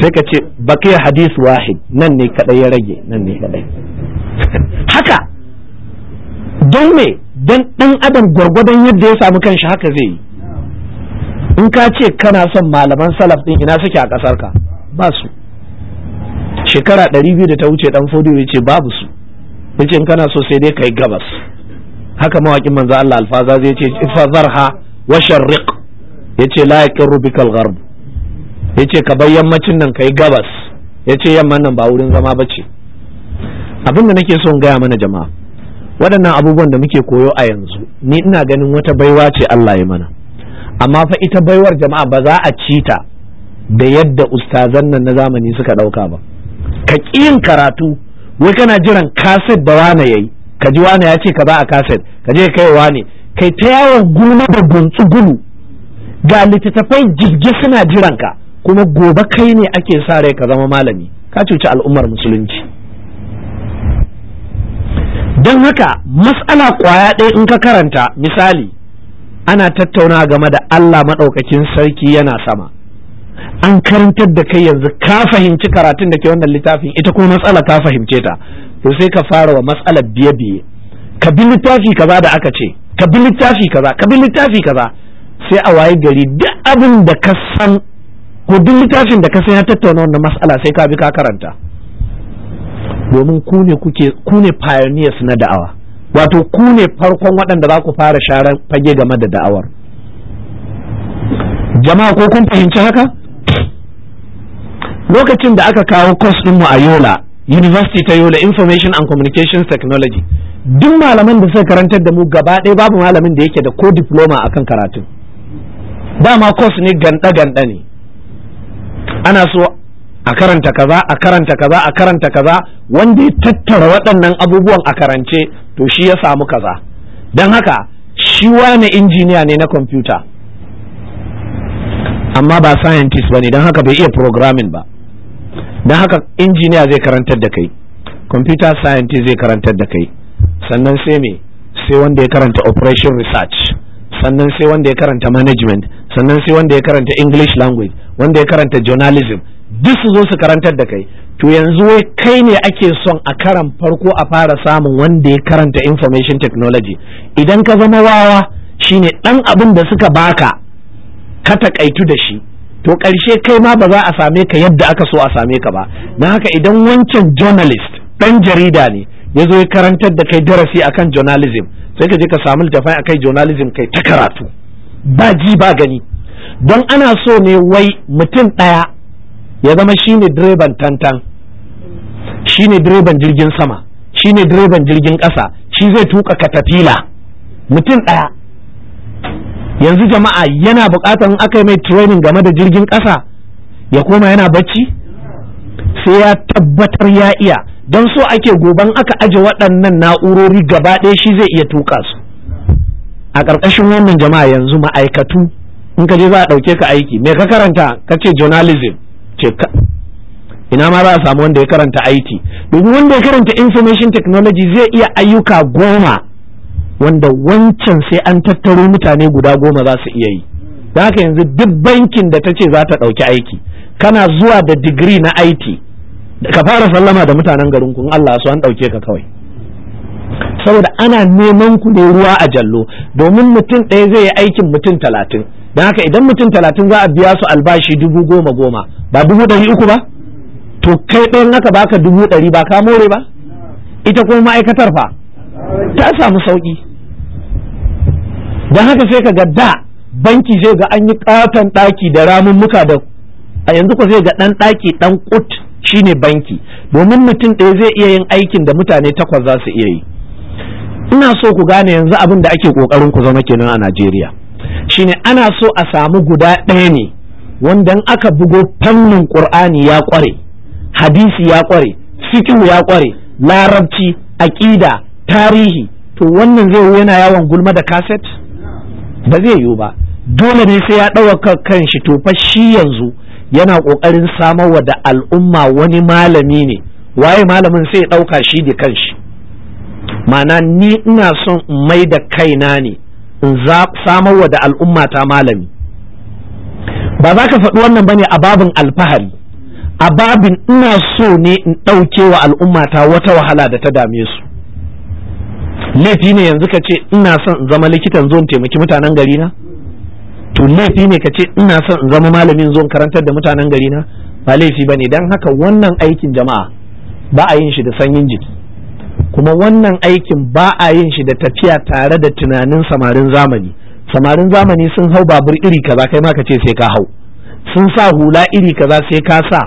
Speaker 1: sai ka ce baqiya hadith wahid nan ne kadai ya rage nan ne kadai haka don me Don ɗan adam gwargwadon yadda ya samu kanshi haka zai yi in ka ce kana son malaman salaf ɗin ina suke a ƙasar ka ba su shekara ɗari biyu da ta wuce ɗan fodiyo ya ce babu su ce in kana so sai dai kai gabas haka mawakin manzo Allah alfaza zai ce fazarha wa sharriq ce layakin rubikal bikal gharb ce ka bar yammacin nan kai gabas ya ce yamman nan ba wurin zama ba ce abinda nake so in gaya mana jama'a waɗannan abubuwan da muke koyo a yanzu ni ina ganin wata baiwa ce Allah ya mana amma fa ita baiwar jama'a ba za a ci ta da yadda ustazan nan na zamani suka ɗauka ba ka ƙiyin karatu wai kana jiran kaset da wane yayi ka ji wane ya ce ka ba a kaset ka je kai wane kai ta yawon gulma da guntsu gulu ga littattafai jirgi suna jiran ka kuma gobe kai ne ake sa rai ka zama malami ka cuci al'ummar musulunci don haka matsala kwaya ɗaya in ka karanta misali ana tattauna game da Allah maɗaukakin sarki yana sama an karantar da kai yanzu ka fahimci karatun da ke wannan littafin ita kuma matsala ka fahimce ta to sai ka fara wa matsalar biye biye ka bi littafi kaza da aka ce ka bi littafi kaza ka bi littafi kaza sai a waye gari duk abin da ka san ko duk littafin da ka san ya tattauna wannan matsala sai ka bi ka karanta domin ku ne kuke kune pioneers na da'awa wato ku ne farkon waɗanda za ku fara sharar fage game da da'awar jama'a ko kun fahimci haka lokacin da aka kawo course mu a yola university ta yola information and communications technology duk malaman da suka karantar da mu gaba ɗaya babu malamin da yake da ko diploma akan karatu dama course ne ganda ganda ne ana so a karanta kaza a karanta kaza a karanta kaza wanda ya tattara waɗannan abubuwan a karance to shi ya samu kaza don haka shi wane injiniya ne na kwamfuta amma ba scientist ba ne don haka bai iya programming ba don haka injiniya zai karantar da kai computer scientist zai karantar da kai sannan sai me sai wanda ya karanta operation research sannan sai wanda ya karanta management sannan sai wanda ya karanta english language wanda ya karanta journalism duk su zo su karantar da kai to yanzu wai kai ne ake son a karan farko a fara samun wanda ya karanta information technology idan ka zama wawa shine dan abin da suka baka ka takaitu da shi to ƙarshe kai ma ba za a same ka yadda aka so a same ka ba na haka idan wancan journalist dan jarida ne ya zo ya karantar da kai darasi akan journalism sai ka je ka samu littafin akai journalism kai ta karatu ba ji ba gani don ana so ne wai mutum ɗaya ya zama shi ne direban tantan shi ne direban jirgin sama shi ne direban jirgin ƙasa shi zai tuka katafila mutum ɗaya yanzu jama'a yana buƙatar in aka yi mai training game da jirgin ƙasa ya koma yana bacci sai ya tabbatar ya iya don so ake goban aka aje waɗannan na'urori gaba ɗaya shi zai iya tuka su a ƙarƙashin wannan jama'a yanzu ma'aikatu in ka je za a ɗauke ka aiki me ka karanta ka ce journalism ce ina ma za a samu wanda ya karanta IT domin wanda ya karanta information technology zai iya ayyuka goma wanda wancan sai an tattaro mutane guda goma za su iya yi da haka yanzu duk bankin da ta ce za ta ɗauki aiki kana zuwa da digiri na IT ka fara sallama da mutanen garin kun Allah su an ɗauke ka kawai saboda ana neman ku ne ruwa a jallo domin mutum ɗaya zai yi aikin mutum talatin don haka idan mutum talatin za a biya su albashi dubu goma goma ba dubu ɗari uku ba to kai ɗayan haka baka dubu ɗari ba ka more ba ita kuma ma'aikatar fa ta samu sauƙi don haka sai ka ga da banki zai ga an yi ƙaton ɗaki da ramummuka da a yanzu ko sai ga ɗan ɗaki ɗan kut shine banki domin mutum ɗaya zai iya yin aikin da mutane takwas za su iya yi ina so ku gane yanzu abin da ake ƙoƙarin ku zama kenan a Najeriya shine ana so a samu guda ɗaya ne wanda aka bugo fannin qur'ani ya kware hadisi ya kware fiqh ya kware larabci aqida tarihi to wannan zai yana yawon gulma da kaset ba zai yiwu ba dole ne sai ya ɗauka kan shi to fa shi yanzu yana ƙoƙarin samarwa da al'umma wani malami ne waye malamin sai ya ɗauka shi da kanshi Mana ni ina son in mai da kaina ne in samarwa da al'umma ta malami ba za ka faɗi wannan bane a babin alfahari a babin ina so ne in ɗauke wa al'ummata wata wahala da ta dame su laifi ne yanzu ka ce ina son in zama likitan zo taimaki mutanen gari na to laifi ne ka ce ina son in zama malamin zo in karantar da mutanen gari na ba laifi bane dan haka wannan aikin jama'a ba a yin shi da sanyin jiki kuma wannan aikin ba a yin shi da tafiya tare da tunanin samarin zamani samarin zamani sun hau babur iri kaza kai ma ka ce sai ka hau sun sa hula iri kaza sai ka sa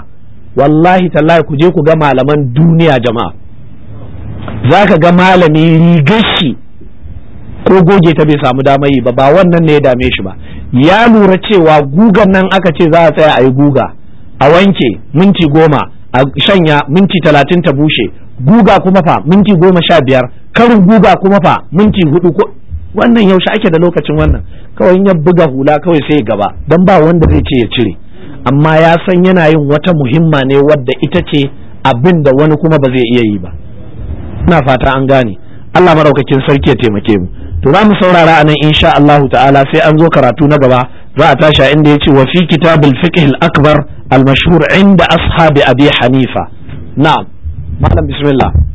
Speaker 1: wallahi tallahi ku je ku ga malaman duniya jama'a za ka ga malami rigashi ko goge ta bai samu damar yi ba ba wannan ne ya dame shi ba ya lura cewa gugan nan aka ce za a tsaya a yi guga a wanke minti goma a shanya minti talatin ta bushe guga kuma fa minti goma sha biyar karin guga kuma fa minti hudu wannan yaushe ake da lokacin wannan kawai ya buga hula kawai sai gaba don ba wanda zai ce ya cire amma ya san yana yin wata muhimma ne wadda ita ce abin da wani kuma ba zai iya yi ba ina fata an gane Allah maraukakin sarki ya taimake mu to za mu saurara a nan insha Allah ta'ala sai an zo karatu na gaba za a tashi inda ya ce wa fi kitabul fiqh al-akbar al-mashhur inda ashabi abi hanifa na'am malam bismillah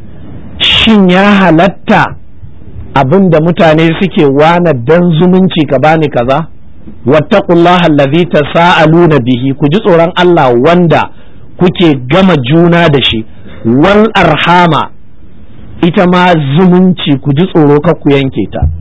Speaker 1: shin ya halatta abin da mutane suke wana dan zumunci ka bani kaza wattaqullaha allazi tasaaluna bihi ku ji tsoron Allah wanda kuke gama juna da shi wal arhama ita ma zumunci ku ji tsoro ka ku yanke ta